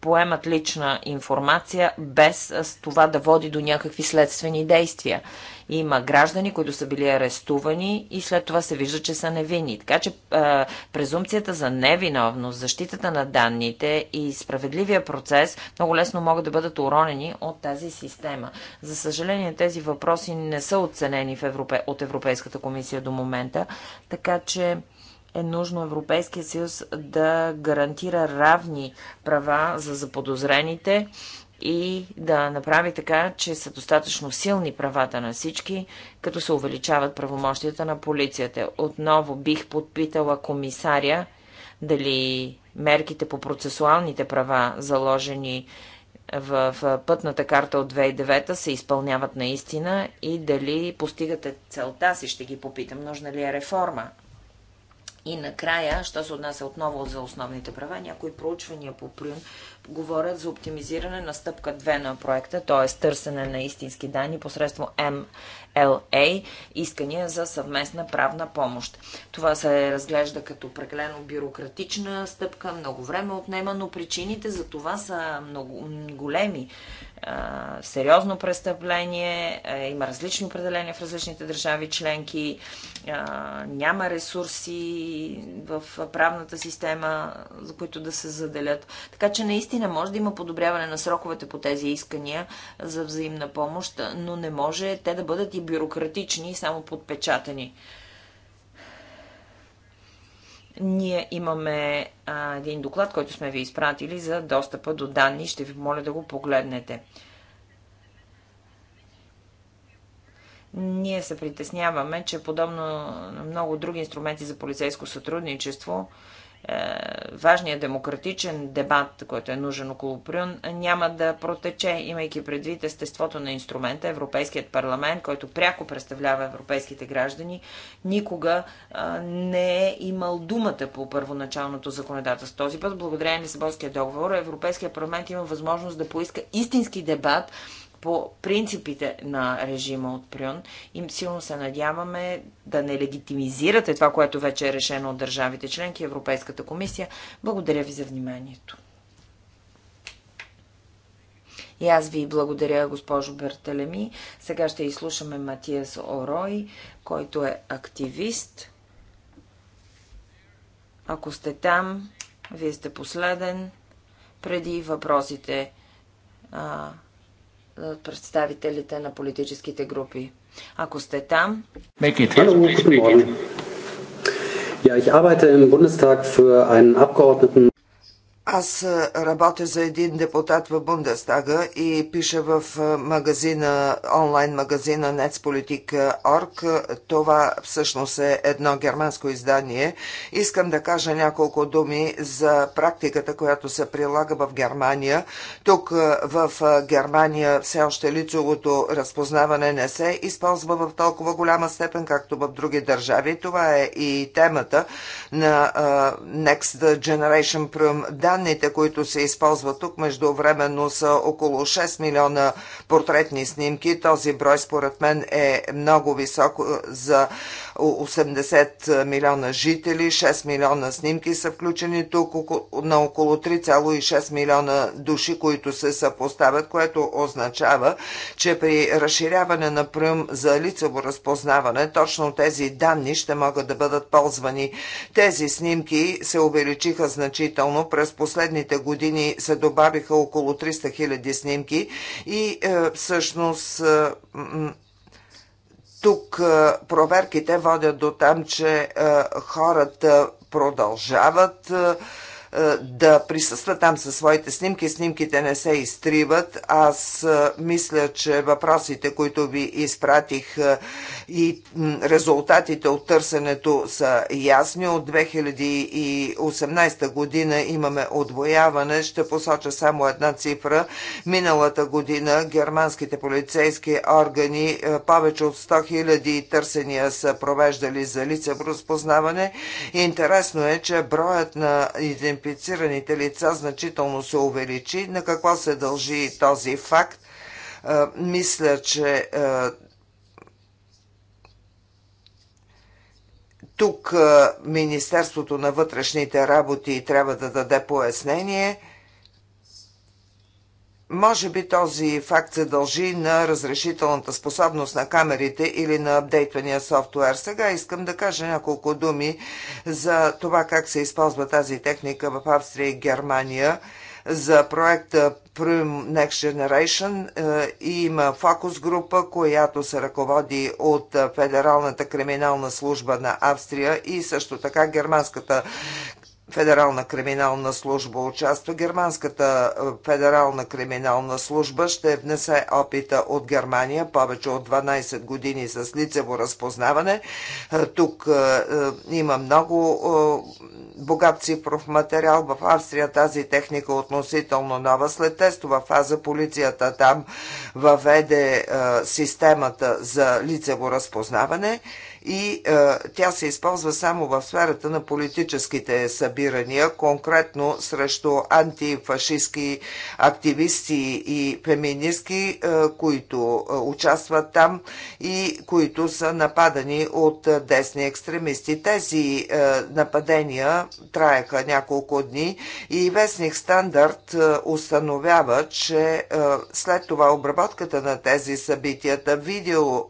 поемат лична информация без това да води до някакви следствени действия. Има граждани, които са били арестувани и след това се вижда, че са невинни. Така че презумпцията за невиновност, защитата на данните и справедливия процес много лесно могат да бъдат уронени от тази система. За съжаление, тези въпроси не са оценени в Европе... от Европейската комисия до момента, така че е нужно Европейския съюз да гарантира равни права за заподозрените и да направи така, че са достатъчно силни правата на всички, като се увеличават правомощията на полицията. Отново бих подпитала комисаря дали мерките по процесуалните права, заложени в пътната карта от 2009 се изпълняват наистина и дали постигате целта си, ще ги попитам. Нужна ли е реформа и накрая, що се отнася отново за основните права, някои проучвания по Прюн говорят за оптимизиране на стъпка 2 на проекта, т.е. търсене на истински данни посредством MLA, искания за съвместна правна помощ. Това се разглежда като прекалено бюрократична стъпка, много време отнема, но причините за това са много големи сериозно престъпление, има различни определения в различните държави членки, няма ресурси в правната система, за които да се заделят. Така че наистина може да има подобряване на сроковете по тези искания за взаимна помощ, но не може те да бъдат и бюрократични, и само подпечатани. Ние имаме а, един доклад, който сме ви изпратили за достъпа до данни. Ще ви моля да го погледнете. Ние се притесняваме, че подобно на много други инструменти за полицейско сътрудничество, е, важният демократичен дебат, който е нужен около Прюн, няма да протече, имайки предвид естеството на инструмента, Европейският парламент, който пряко представлява европейските граждани, никога е, не е имал думата по първоначалното законодателство. Този път, благодарение на Лисабонския договор, Европейският парламент има възможност да поиска истински дебат по принципите на режима от Прюн. И силно се надяваме да не легитимизирате това, което вече е решено от държавите членки Европейската комисия. Благодаря ви за вниманието. И аз ви благодаря, госпожо Бертелеми. Сега ще изслушаме Матиас Орой, който е активист. Ако сте там, вие сте последен. Преди въпросите а, представителите на политическите групи. Ако сте там... Ja, ich arbeite im Bundestag für einen Abgeordneten. Аз работя за един депутат в Бундестага и пиша в магазина, онлайн магазина netspolitik.org. Това всъщност е едно германско издание. Искам да кажа няколко думи за практиката, която се прилага в Германия. Тук в Германия все още лицовото разпознаване не се използва в толкова голяма степен, както в други държави. Това е и темата на Next Generation Prum. Да данните, които се използват тук, междувременно са около 6 милиона портретни снимки. Този брой според мен е много висок за 80 милиона жители, 6 милиона снимки са включени тук на около 3,6 милиона души, които се съпоставят, което означава, че при разширяване на пръм за лицево разпознаване, точно тези данни ще могат да бъдат ползвани. Тези снимки се увеличиха значително. През последните години се добавиха около 300 хиляди снимки и е, всъщност е, тук проверките водят до там, че хората продължават е, да присъства там със своите снимки. Снимките не се изтриват. Аз е, мисля, че въпросите, които ви изпратих е, и резултатите от търсенето са ясни. От 2018 година имаме отвояване. Ще посоча само една цифра. Миналата година германските полицейски органи повече от 100 000 търсения са провеждали за лице разпознаване. Интересно е, че броят на един Инфицираните лица значително се увеличи. На какво се дължи този факт? Мисля, че тук Министерството на вътрешните работи трябва да даде пояснение – може би този факт се дължи на разрешителната способност на камерите или на апдейтвания софтуер. Сега искам да кажа няколко думи за това как се използва тази техника в Австрия и Германия за проекта Prim Next Generation е, и има фокус група, която се ръководи от е, Федералната криминална служба на Австрия и също така Германската федерална криминална служба участва. Германската е, федерална криминална служба ще внесе опита от Германия повече от 12 години с лицево разпознаване. Е, тук е, има много богат цифров материал. В Австрия тази техника е относително нова. След тестова фаза полицията там въведе системата за лицево разпознаване и е, тя се използва само в сферата на политическите събирания, конкретно срещу антифашистски активисти и феминистки, е, които е, участват там и които са нападани от е, десни екстремисти. Тези е, нападения траеха няколко дни и вестник Стандарт е, установява, че е, след това обработката на тези събитията, видео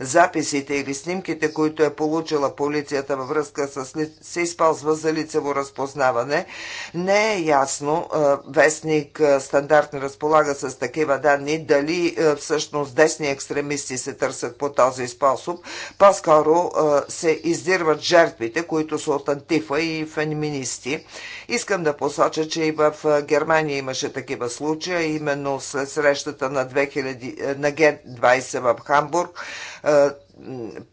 Записите или снимките, които е получила полицията във връзка с се използва за лицево разпознаване. Не е ясно, вестник стандарт не разполага с такива данни, дали всъщност десни екстремисти се търсят по този способ. По-скоро се издирват жертвите, които са от антифа и феминисти. Искам да посоча, че и в Германия имаше такива случаи, именно с срещата на, 2000, на Ген 20 в Хамбург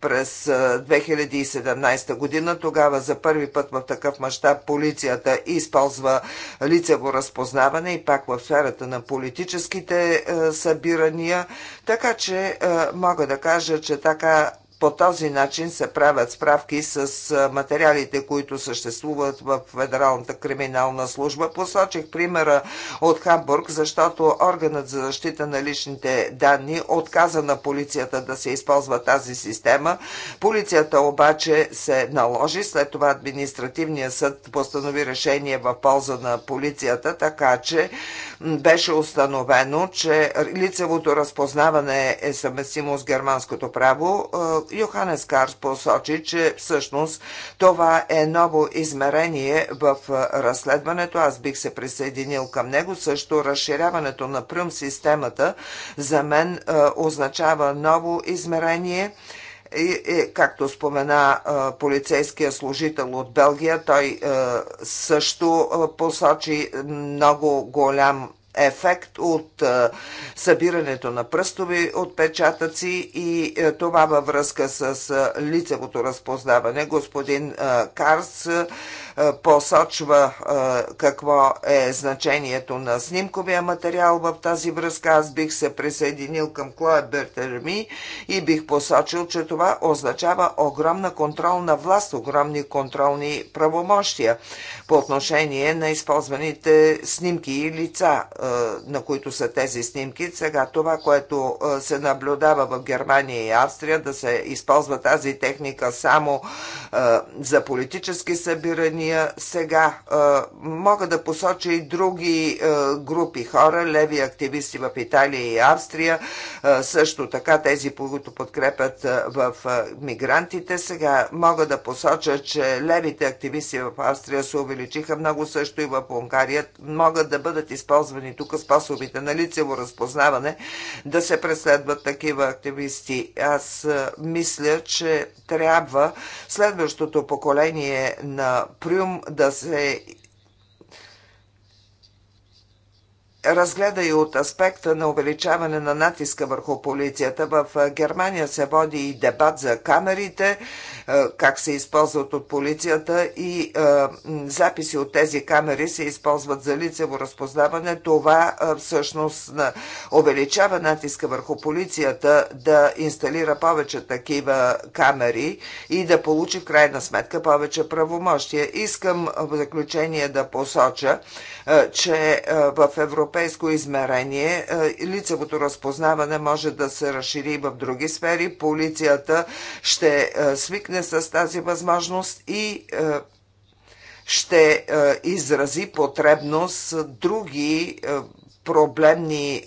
през 2017 година. Тогава за първи път в такъв мащаб полицията използва лицево разпознаване и пак в сферата на политическите събирания. Така че мога да кажа, че така по този начин се правят справки с материалите, които съществуват в Федералната криминална служба. Посочих примера от Хамбург, защото органът за защита на личните данни отказа на полицията да се използва тази система. Полицията обаче се наложи, след това административният съд постанови решение в полза на полицията, така че беше установено, че лицевото разпознаване е съвместимо с германското право Йоханес Карс посочи, че всъщност това е ново измерение в разследването. Аз бих се присъединил към него. Също разширяването на пръм системата за мен означава ново измерение. И, и, както спомена а, полицейския служител от Белгия, той а, също а, посочи много голям ефект от е, събирането на пръстови отпечатъци и е, това във връзка с е, лицевото разпознаване. Господин Карс посочва какво е значението на снимковия материал в тази връзка. Аз бих се присъединил към Клоя Бертерми и бих посочил, че това означава огромна контролна власт, огромни контролни правомощия по отношение на използваните снимки и лица, на които са тези снимки. Сега това, което се наблюдава в Германия и Австрия, да се използва тази техника само за политически събирания, изказвания сега. Мога да посоча и други групи хора, леви активисти в Италия и Австрия, също така тези, които подкрепят в мигрантите. Сега мога да посоча, че левите активисти в Австрия се увеличиха много също и в Унгария. Могат да бъдат използвани тук способите на лицево разпознаване да се преследват такива активисти. Аз мисля, че трябва следващото поколение на приоритет мораториум да се разгледа и от аспекта на увеличаване на натиска върху полицията. В Германия се води и дебат за камерите, как се използват от полицията и записи от тези камери се използват за лицево разпознаване. Това всъщност увеличава натиска върху полицията да инсталира повече такива камери и да получи в крайна сметка повече правомощия. Искам в заключение да посоча, че в Европейския европейско измерение. Е, лицевото разпознаване може да се разшири и в други сфери. Полицията ще е, свикне с тази възможност и е, ще изрази потребност други проблемни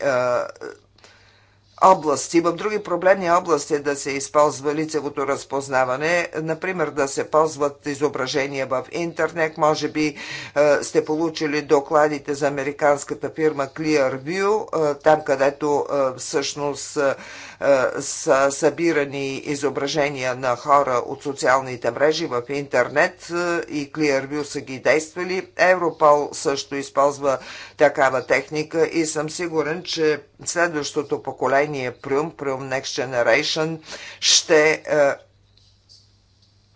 области, в други проблемни области е да се използва лицевото разпознаване, например да се ползват изображения в интернет. Може би е, сте получили докладите за американската фирма Clearview, е, там където е, всъщност е, е, са събирани изображения на хора от социалните мрежи в интернет и Clearview са ги действали. Европол също използва такава техника и съм сигурен, че следващото поколение Prium, Prium Next Generation, ще е,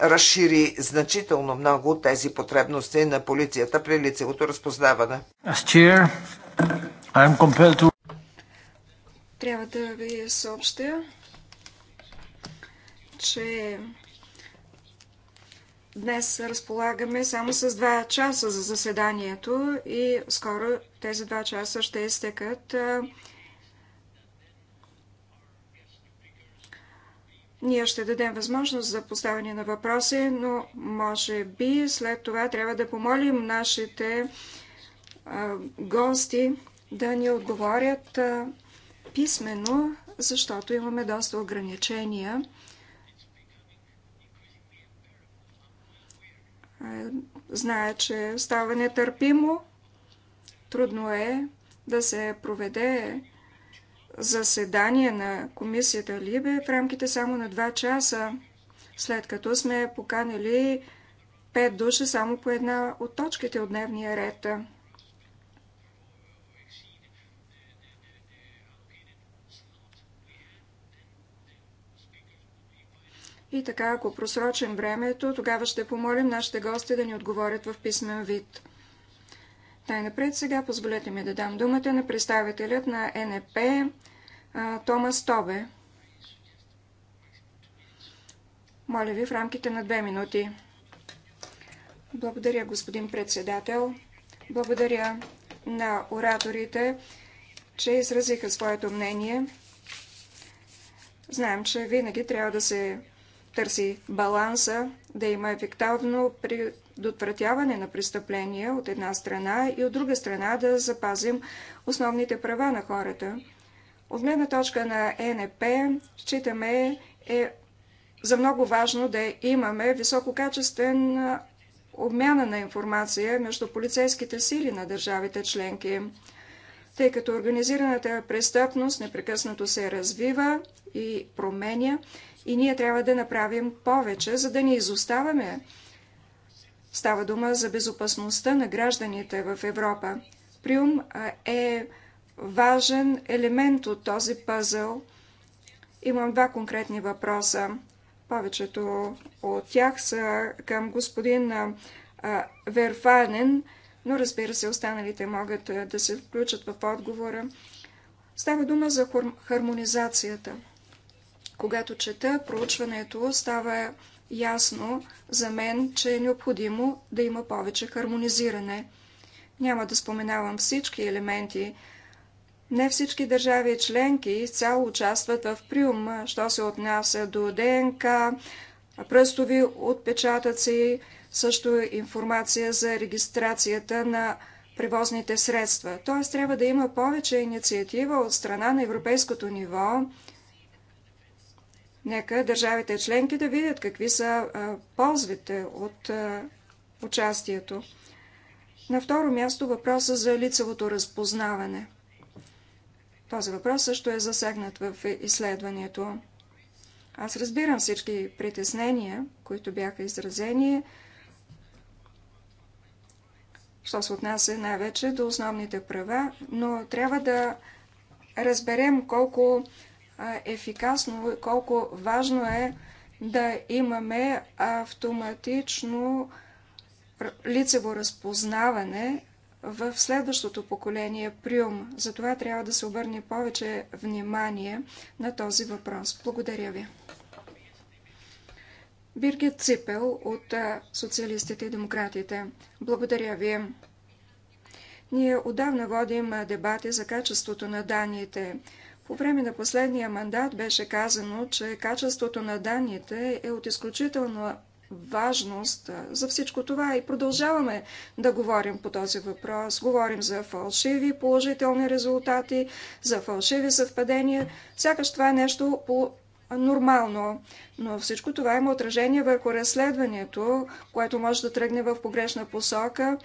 разшири значително много тези потребности на полицията при лицевото разпознаване. Трябва да ви съобщя, че Днес разполагаме само с два часа за заседанието и скоро тези два часа ще изтекат. Ние ще дадем възможност за поставяне на въпроси, но може би след това трябва да помолим нашите гости да ни отговорят писменно, защото имаме доста ограничения Е, знае, че става нетърпимо. Трудно е да се проведе заседание на комисията Либе в рамките само на 2 часа, след като сме поканили 5 души само по една от точките от дневния ред. И така, ако просрочим времето, тогава ще помолим нашите гости да ни отговорят в писмен вид. Най-напред сега позволете ми да дам думата на представителят на НП Томас Тобе. Моля ви в рамките на две минути. Благодаря, господин председател. Благодаря на ораторите, че изразиха своето мнение. Знаем, че винаги трябва да се търси баланса, да има ефективно предотвратяване на престъпления от една страна и от друга страна да запазим основните права на хората. От гледна точка на ЕНП считаме е за много важно да имаме висококачествен обмяна на информация между полицейските сили на държавите членки, тъй като организираната престъпност непрекъснато се развива и променя и ние трябва да направим повече, за да не изоставаме. Става дума за безопасността на гражданите в Европа. Приум е важен елемент от този пъзъл. Имам два конкретни въпроса. Повечето от тях са към господин Верфанен, но разбира се, останалите могат да се включат в отговора. Става дума за хармонизацията. Когато чета проучването, става ясно за мен, че е необходимо да има повече хармонизиране. Няма да споменавам всички елементи. Не всички държави членки изцяло участват в приум, що се отнася до ДНК, пръстови отпечатъци, също информация за регистрацията на превозните средства. Т.е. трябва да има повече инициатива от страна на европейското ниво Нека държавите членки да видят какви са ползвите от участието. На второ място въпроса за лицевото разпознаване. Този въпрос също е засегнат в изследването. Аз разбирам всички притеснения, които бяха изразени, що се отнася най-вече до основните права, но трябва да разберем колко ефикасно и колко важно е да имаме автоматично лицево разпознаване в следващото поколение Приум. Затова трябва да се обърне повече внимание на този въпрос. Благодаря ви. Биргет Ципел от Социалистите и Демократите. Благодаря ви. Ние отдавна водим дебати за качеството на данните. По време на последния мандат беше казано, че качеството на данните е от изключителна важност за всичко това и продължаваме да говорим по този въпрос. Говорим за фалшиви положителни резултати, за фалшиви съвпадения. Сякаш това е нещо по нормално, но всичко това има отражение върху разследването, което може да тръгне в погрешна посока.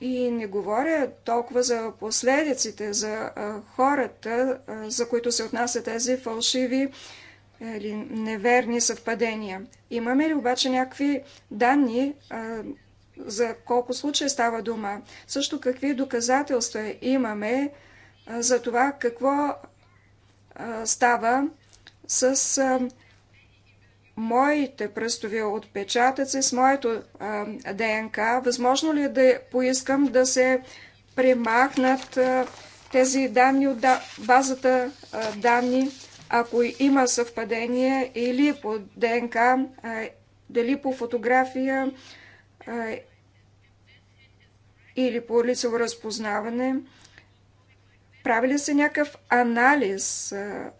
И не говоря толкова за последиците, за хората, за които се отнасят тези фалшиви или нали, неверни съвпадения. Имаме ли обаче някакви данни за колко случаи става дума? Също какви доказателства имаме за това какво става с моите пръстови отпечатъци, с моето а, ДНК, възможно ли е да поискам да се премахнат а, тези данни от да, базата а, данни, ако има съвпадение или по ДНК, а, дали по фотография а, или по лицево разпознаване? Прави ли се някакъв анализ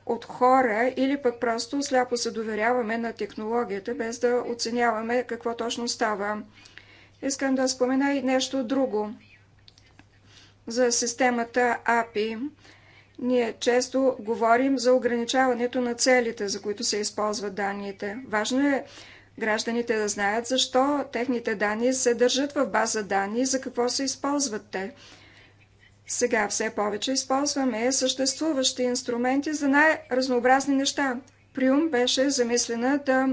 от хора или пък просто сляпо се доверяваме на технологията, без да оценяваме какво точно става? Искам да спомена и нещо друго за системата API. Ние често говорим за ограничаването на целите, за които се използват данните. Важно е гражданите да знаят защо техните данни се държат в база данни и за какво се използват те. Сега все повече използваме съществуващи инструменти за най-разнообразни неща. Приум беше замислена да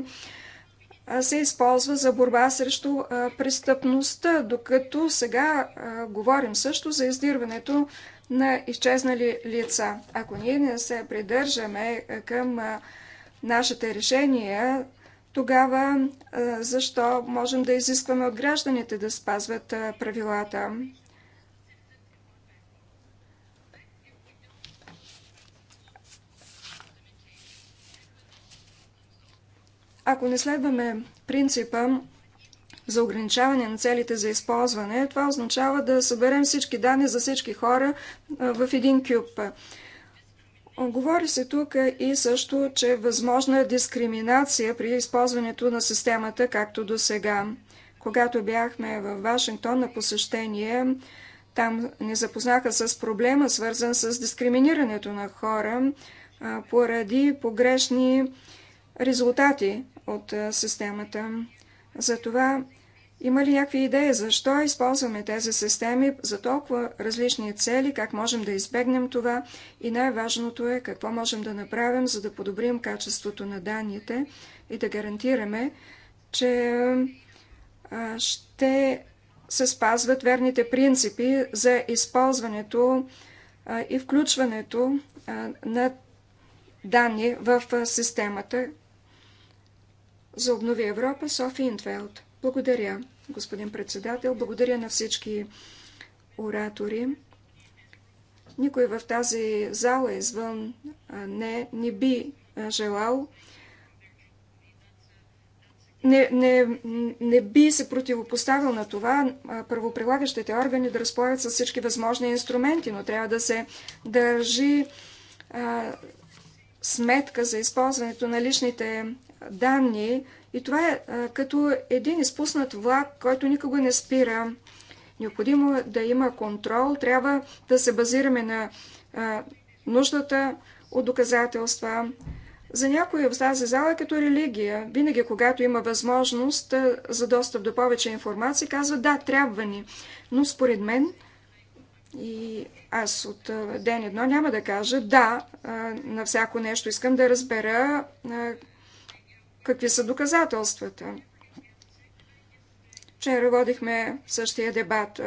се използва за борба срещу престъпността, докато сега говорим също за издирването на изчезнали лица. Ако ние не се придържаме към нашите решения, тогава защо можем да изискваме от гражданите да спазват правилата? Ако не следваме принципа за ограничаване на целите за използване, това означава да съберем всички данни за всички хора в един кюб. Говори се тук и също, че е възможна дискриминация при използването на системата, както до сега. Когато бяхме в Вашингтон на посещение, там ни запознаха с проблема, свързан с дискриминирането на хора поради погрешни резултати от системата. Затова има ли някакви идеи защо използваме тези системи за толкова различни цели, как можем да избегнем това и най-важното е какво можем да направим, за да подобрим качеството на данните и да гарантираме, че ще се спазват верните принципи за използването и включването на данни в системата, за обнови Европа Софи Интвелд. Благодаря, господин председател. Благодаря на всички оратори. Никой в тази зала извън не, не би желал не, не, не би се противопоставил на това първоприлагащите органи да разполагат с всички възможни инструменти, но трябва да се държи а, сметка за използването на личните данни и това е като един изпуснат влак, който никога не спира. Необходимо е да има контрол, трябва да се базираме на нуждата от доказателства. За някои в тази зала е като религия. Винаги, когато има възможност за достъп до повече информация, казва да, трябва ни. Но според мен, и аз от ден едно няма да кажа да на всяко нещо. Искам да разбера Какви са доказателствата? Вчера водихме същия дебат.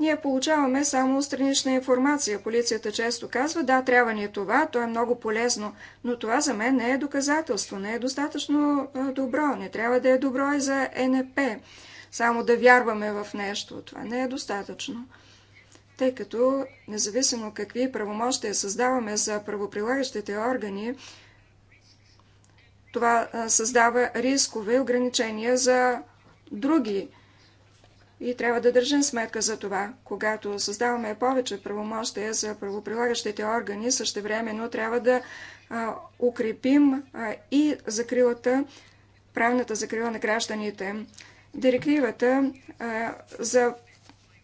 Ние получаваме само странична информация. Полицията често казва, да, трябва ни е това, то е много полезно, но това за мен не е доказателство, не е достатъчно добро, не трябва да е добро и за НП. Само да вярваме в нещо, това не е достатъчно. Тъй като, независимо какви правомощия създаваме за правоприлагащите органи, това създава рискове и ограничения за други. И трябва да държим сметка за това. Когато създаваме повече правомощия за правоприлагащите органи, същевременно трябва да а, укрепим а, и закрилата, правната закрила на гражданите. Директивата а, за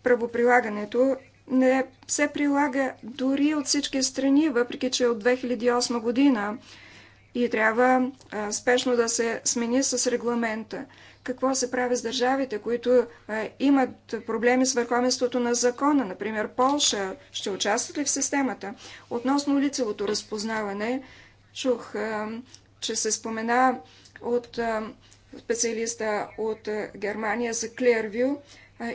правоприлагането не се прилага дори от всички страни, въпреки че е от 2008 година и трябва а, спешно да се смени с регламента. Какво се прави с държавите, които а, имат проблеми с върховенството на закона? Например, Полша ще участват ли в системата? Относно лицевото разпознаване, чух, а, че се спомена от специалиста от Германия за Клервю.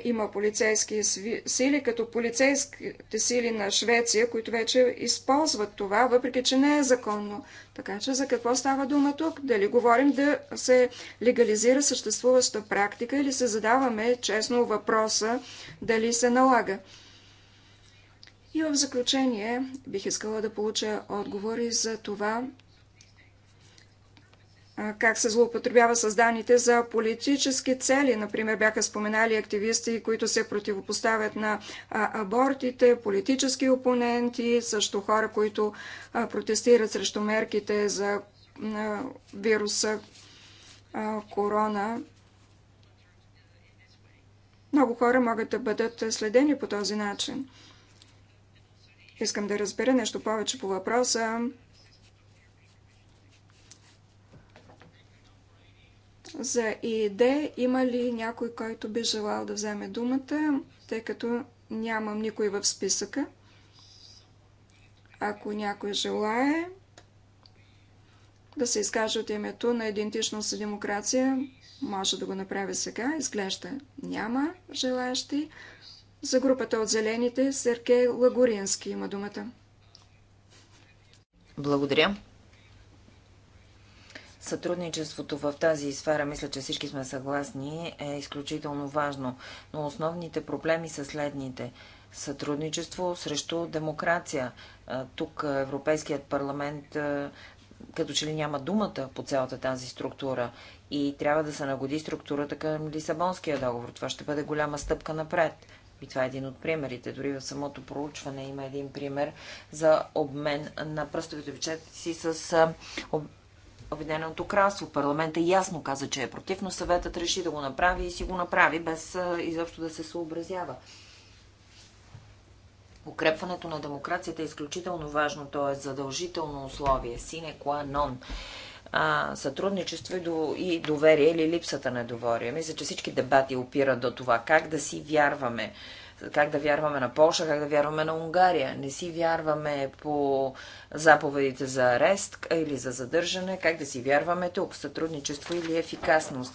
Има полицейски сили, като полицейските сили на Швеция, които вече използват това, въпреки че не е законно. Така че за какво става дума тук? Дали говорим да се легализира съществуваща практика или се задаваме честно въпроса дали се налага? И в заключение бих искала да получа отговори за това как се злоупотребява с данните за политически цели. Например, бяха споменали активисти, които се противопоставят на абортите, политически опоненти, също хора, които протестират срещу мерките за вируса корона. Много хора могат да бъдат следени по този начин. Искам да разбера нещо повече по въпроса За ИД има ли някой, който би желал да вземе думата, тъй като нямам никой в списъка? Ако някой желае да се изкаже от името на идентичност и демокрация, може да го направи сега. Изглежда няма желаящи. За групата от зелените Сергей Лагурински има думата. Благодаря. Сътрудничеството в тази сфера, мисля, че всички сме съгласни, е изключително важно, но основните проблеми са следните. Сътрудничество срещу демокрация. Тук Европейският парламент като че ли няма думата по цялата тази структура и трябва да се нагоди структурата към Лисабонския договор. Това ще бъде голяма стъпка напред. И това е един от примерите. Дори в самото проучване има един пример за обмен на пръстовите печати с Обединеното кралство. Парламента ясно каза, че е против, но съветът реши да го направи и си го направи, без изобщо да се съобразява. Укрепването на демокрацията е изключително важно. То е задължително условие. Сине qua нон. Сътрудничество и доверие или липсата на доверие. Мисля, че всички дебати опират до това как да си вярваме как да вярваме на Польша, как да вярваме на Унгария. Не си вярваме по заповедите за арест или за задържане, как да си вярваме тук, сътрудничество или ефикасност.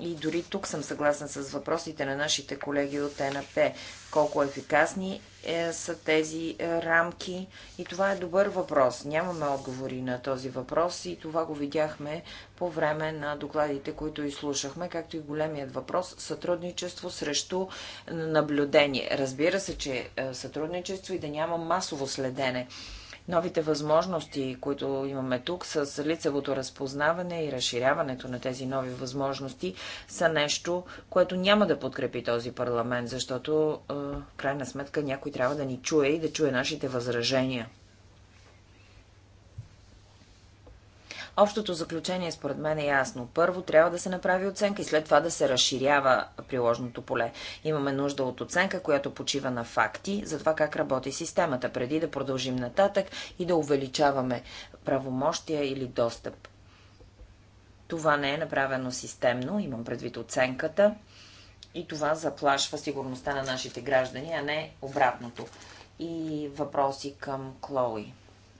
И дори тук съм съгласна с въпросите на нашите колеги от НП. Колко ефикасни е, са тези е, рамки? И това е добър въпрос. Нямаме отговори на този въпрос и това го видяхме по време на докладите, които изслушахме, както и големият въпрос сътрудничество срещу наблюдение. Разбира се, че е, сътрудничество и да няма масово следене. Новите възможности, които имаме тук с лицевото разпознаване и разширяването на тези нови възможности, са нещо, което няма да подкрепи този парламент, защото в крайна сметка някой трябва да ни чуе и да чуе нашите възражения. Общото заключение е според мен е ясно. Първо трябва да се направи оценка и след това да се разширява приложното поле. Имаме нужда от оценка, която почива на факти за това как работи системата, преди да продължим нататък и да увеличаваме правомощия или достъп. Това не е направено системно, имам предвид оценката и това заплашва сигурността на нашите граждани, а не обратното. И въпроси към Клои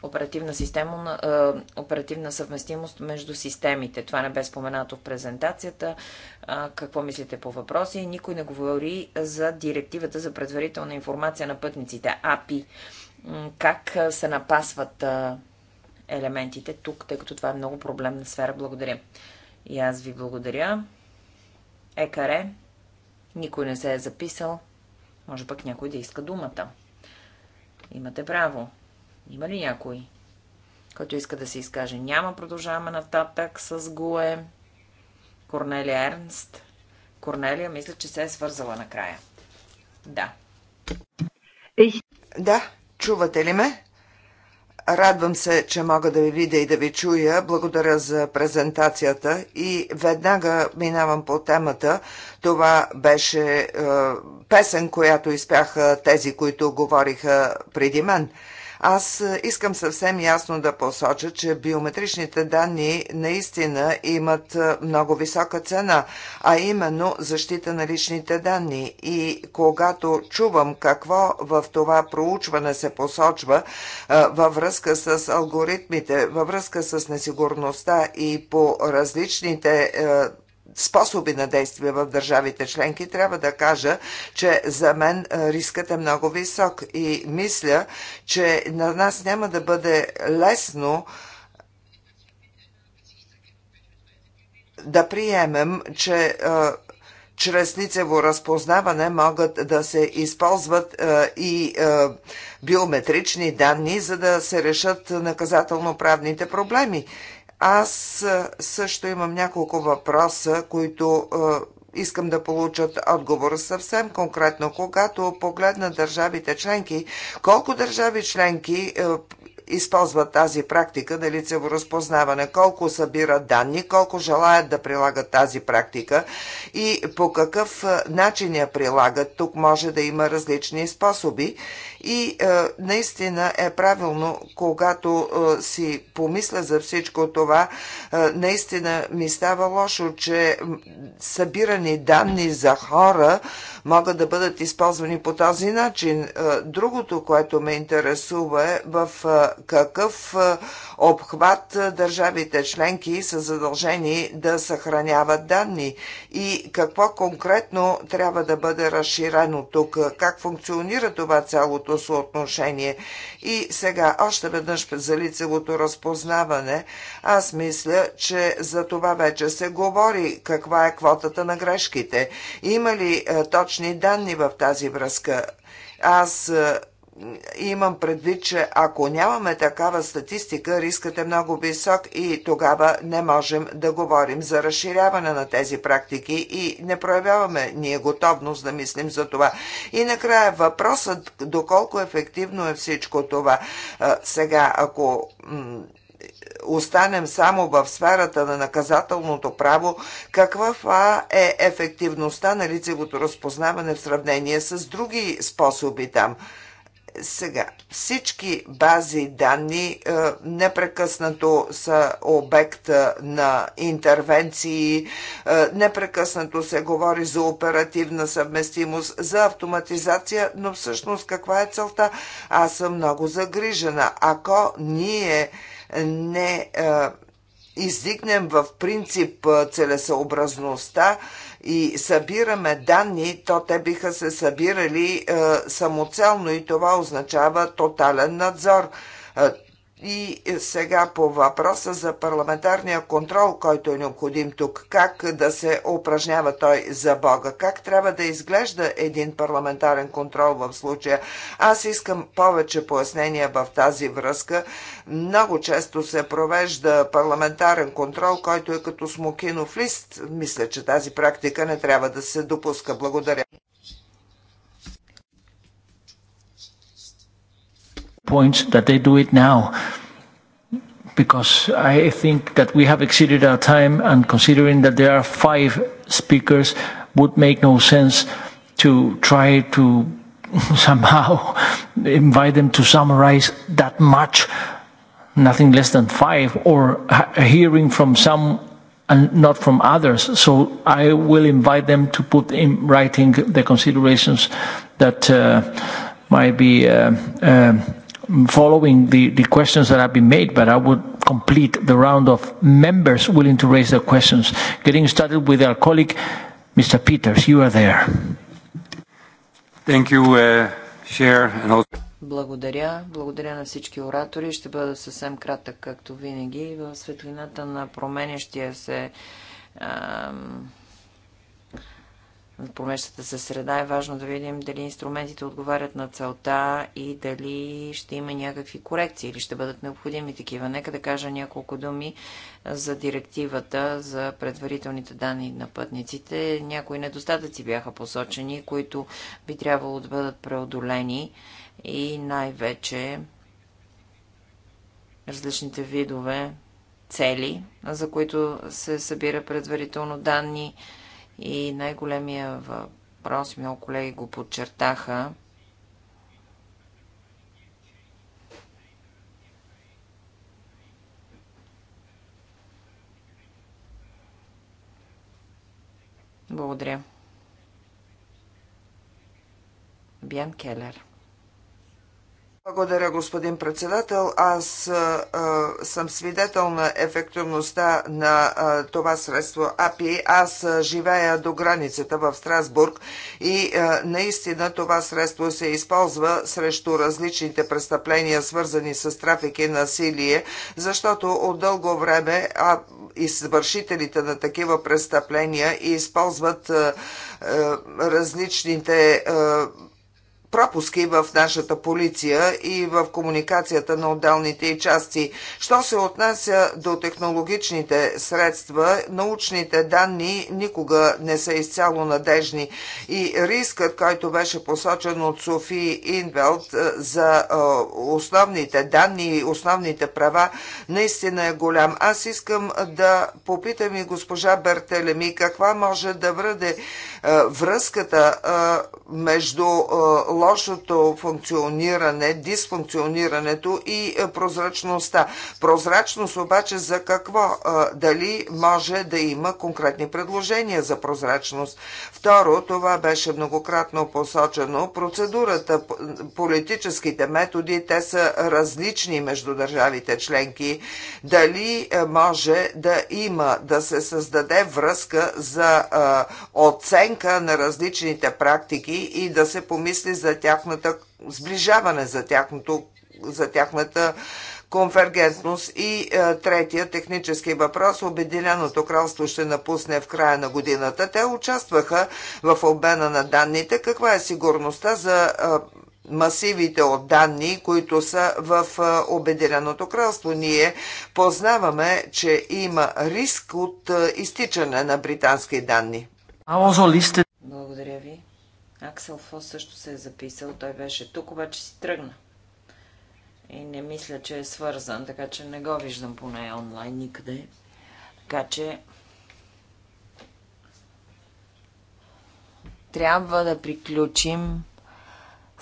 оперативна, система, е, оперативна съвместимост между системите. Това не бе споменато в презентацията. Какво мислите по въпроси? Никой не говори за директивата за предварителна информация на пътниците, АПИ. Как е, се напасват е, елементите тук, тъй като това е много проблемна сфера. Благодаря. И аз ви благодаря. Екаре. Никой не се е записал. Може пък някой да иска думата. Имате право. Има ли някой, който иска да се изкаже? Няма. Продължаваме нататък с Гуе. Корнелия Ернст. Корнелия, мисля, че се е свързала накрая. Да. Да, чувате ли ме? Радвам се, че мога да ви видя и да ви чуя. Благодаря за презентацията и веднага минавам по темата. Това беше е, песен, която изпяха тези, които говориха преди мен. Аз е, искам съвсем ясно да посоча, че биометричните данни наистина имат е, много висока цена, а именно защита на личните данни. И когато чувам какво в това проучване се посочва е, във връзка с алгоритмите, във връзка с несигурността и по различните способи на действие в държавите членки, трябва да кажа, че за мен рискът е много висок и мисля, че на нас няма да бъде лесно да приемем, че чрез лицево разпознаване могат да се използват и биометрични данни, за да се решат наказателно-правните проблеми. Аз също имам няколко въпроса, които искам да получат отговор съвсем конкретно. Когато погледна държавите членки, колко държави членки използват тази практика на лицево разпознаване, колко събират данни, колко желаят да прилагат тази практика и по какъв начин я прилагат. Тук може да има различни способи и е, наистина е правилно, когато е, си помисля за всичко това, е, наистина ми става лошо, че събирани данни за хора могат да бъдат използвани по този начин. Другото, което ме интересува е в какъв обхват държавите членки са задължени да съхраняват данни и какво конкретно трябва да бъде разширено тук, как функционира това цялото съотношение. И сега, още веднъж за лицевото разпознаване, аз мисля, че за това вече се говори, каква е квотата на грешките. Има ли точни данни в тази връзка? Аз имам предвид, че ако нямаме такава статистика, рискът е много висок и тогава не можем да говорим за разширяване на тези практики и не проявяваме ние готовност да мислим за това. И накрая въпросът доколко ефективно е всичко това. Сега, ако останем само в сферата на наказателното право, каква е ефективността на лицевото разпознаване в сравнение с други способи там? Сега, всички бази данни е, непрекъснато са обект на интервенции, е, непрекъснато се говори за оперативна съвместимост, за автоматизация, но всъщност каква е целта? Аз съм много загрижена. Ако ние не е, издигнем в принцип е, целесъобразността, и събираме данни, то те биха се събирали е, самоцелно и това означава тотален надзор е, и сега по въпроса за парламентарния контрол, който е необходим тук. Как да се упражнява той за Бога? Как трябва да изглежда един парламентарен контрол в случая? Аз искам повече пояснения в тази връзка. Много често се провежда парламентарен контрол, който е като смокинов лист. Мисля, че тази практика не трябва да се допуска. Благодаря. point that they do it now because I think that we have exceeded our time and considering that there are five speakers would make no sense to try to somehow invite them to summarize that much, nothing less than five, or hearing from some and not from others. So I will invite them to put in writing the considerations that uh, might be uh, uh, following the, the questions that have been made, but I would complete the round of members willing to raise their questions. Getting started with our colleague, Mr. Peters, you are there. Thank you, uh, Chair. And also... Благодаря. Благодаря на всички оратори. Ще бъда съвсем кратък, както винаги, в светлината на променящия се uh, промещата се среда, е важно да видим дали инструментите отговарят на целта и дали ще има някакви корекции или ще бъдат необходими такива. Нека да кажа няколко думи за директивата за предварителните данни на пътниците. Някои недостатъци бяха посочени, които би трябвало да бъдат преодолени и най-вече различните видове цели, за които се събира предварително данни, и най-големия въпрос, много колеги го подчертаха, Благодаря. Бян Келер. Благодаря, господин председател. Аз а, съм свидетел на ефективността на а, това средство АПИ. Аз а, живея до границата в Страсбург и а, наистина това средство се използва срещу различните престъпления, свързани с трафик и насилие, защото от дълго време а, извършителите на такива престъпления използват а, а, различните. А, пропуски в нашата полиция и в комуникацията на отделните и части. Що се отнася до технологичните средства, научните данни никога не са изцяло надежни и рискът, който беше посочен от Софи Инвелт е, за е, основните данни и основните права, наистина е голям. Аз искам да попитам и госпожа Бертелеми каква може да бъде е, връзката е, между е, лошото функциониране, дисфункционирането и прозрачността. Прозрачност обаче за какво? Дали може да има конкретни предложения за прозрачност? Второ, това беше многократно посочено. Процедурата, политическите методи, те са различни между държавите членки. Дали може да има, да се създаде връзка за оценка оценка на различните практики и да се помисли за тяхната сближаване, за, тяхното, за тяхната конвергентност. И е, третия технически въпрос. Обединеното кралство ще напусне в края на годината. Те участваха в обмена на данните. Каква е сигурността за е, масивите от данни, които са в е, Обединеното кралство. Ние познаваме, че има риск от е, изтичане на британски данни. Благодаря ви. Аксел Фос също се е записал. Той беше тук, обаче си тръгна. И не мисля, че е свързан, така че не го виждам поне онлайн никъде. Така че трябва да приключим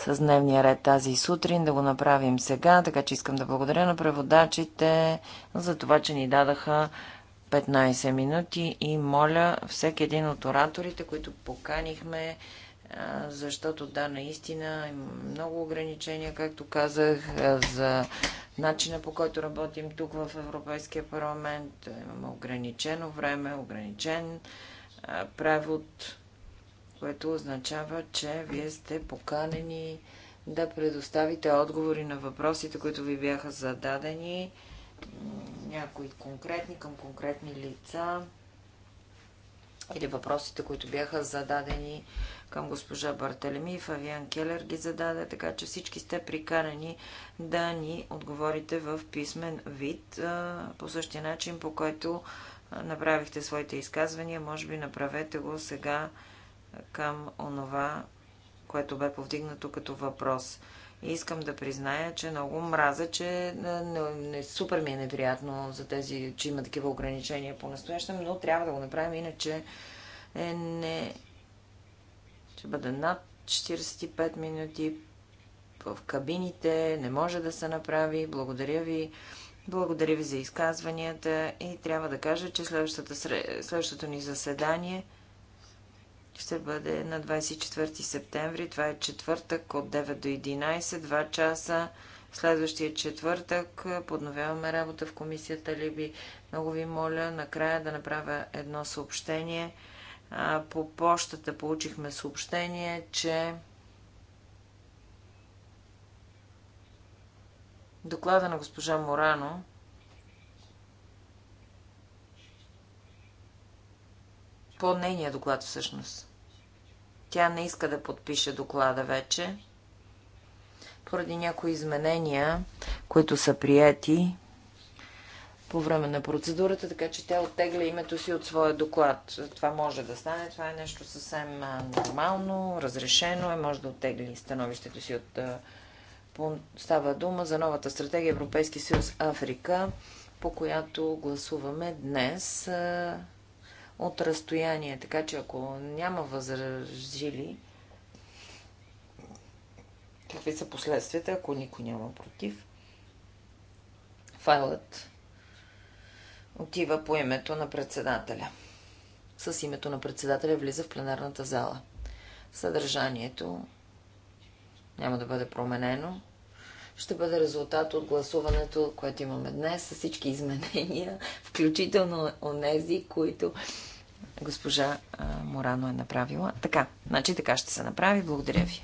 с дневния ред тази сутрин, да го направим сега, така че искам да благодаря на преводачите за това, че ни дадаха 15 минути и моля всеки един от ораторите, които поканихме, защото да, наистина има много ограничения, както казах, за начина по който работим тук в Европейския парламент. Имаме ограничено време, ограничен превод, което означава, че вие сте поканени да предоставите отговори на въпросите, които ви бяха зададени някои конкретни към конкретни лица или въпросите, които бяха зададени към госпожа Бартелеми. Фавиан Келер ги зададе, така че всички сте приканени да ни отговорите в писмен вид, по същия начин, по който направихте своите изказвания. Може би направете го сега към онова, което бе повдигнато като въпрос. И искам да призная, че много мраза, че не, не, супер ми е неприятно за тези, че има такива ограничения по-настоящем, но трябва да го направим, иначе е, не... Ще бъде над 45 минути в кабините, не може да се направи. Благодаря ви. Благодаря ви за изказванията и трябва да кажа, че следващото ни заседание ще бъде на 24 септември. Това е четвъртък от 9 до 11, 2 часа. Следващия четвъртък подновяваме работа в комисията Либи. Много ви моля накрая да направя едно съобщение. По почтата получихме съобщение, че доклада на госпожа Морано по нейния доклад всъщност. Тя не иска да подпише доклада вече, поради някои изменения, които са прияти по време на процедурата, така че тя оттегля името си от своя доклад. Това може да стане, това е нещо съвсем нормално, разрешено е, може да оттегли становището си от... Става дума за новата стратегия Европейски съюз Африка, по която гласуваме днес от разстояние. Така че ако няма възражили, какви са последствията, ако никой няма против, файлът отива по името на председателя. С името на председателя влиза в пленарната зала. Съдържанието няма да бъде променено ще бъде резултат от гласуването, което имаме днес, с всички изменения, включително онези, които госпожа Морано е направила. Така, значи така ще се направи. Благодаря ви.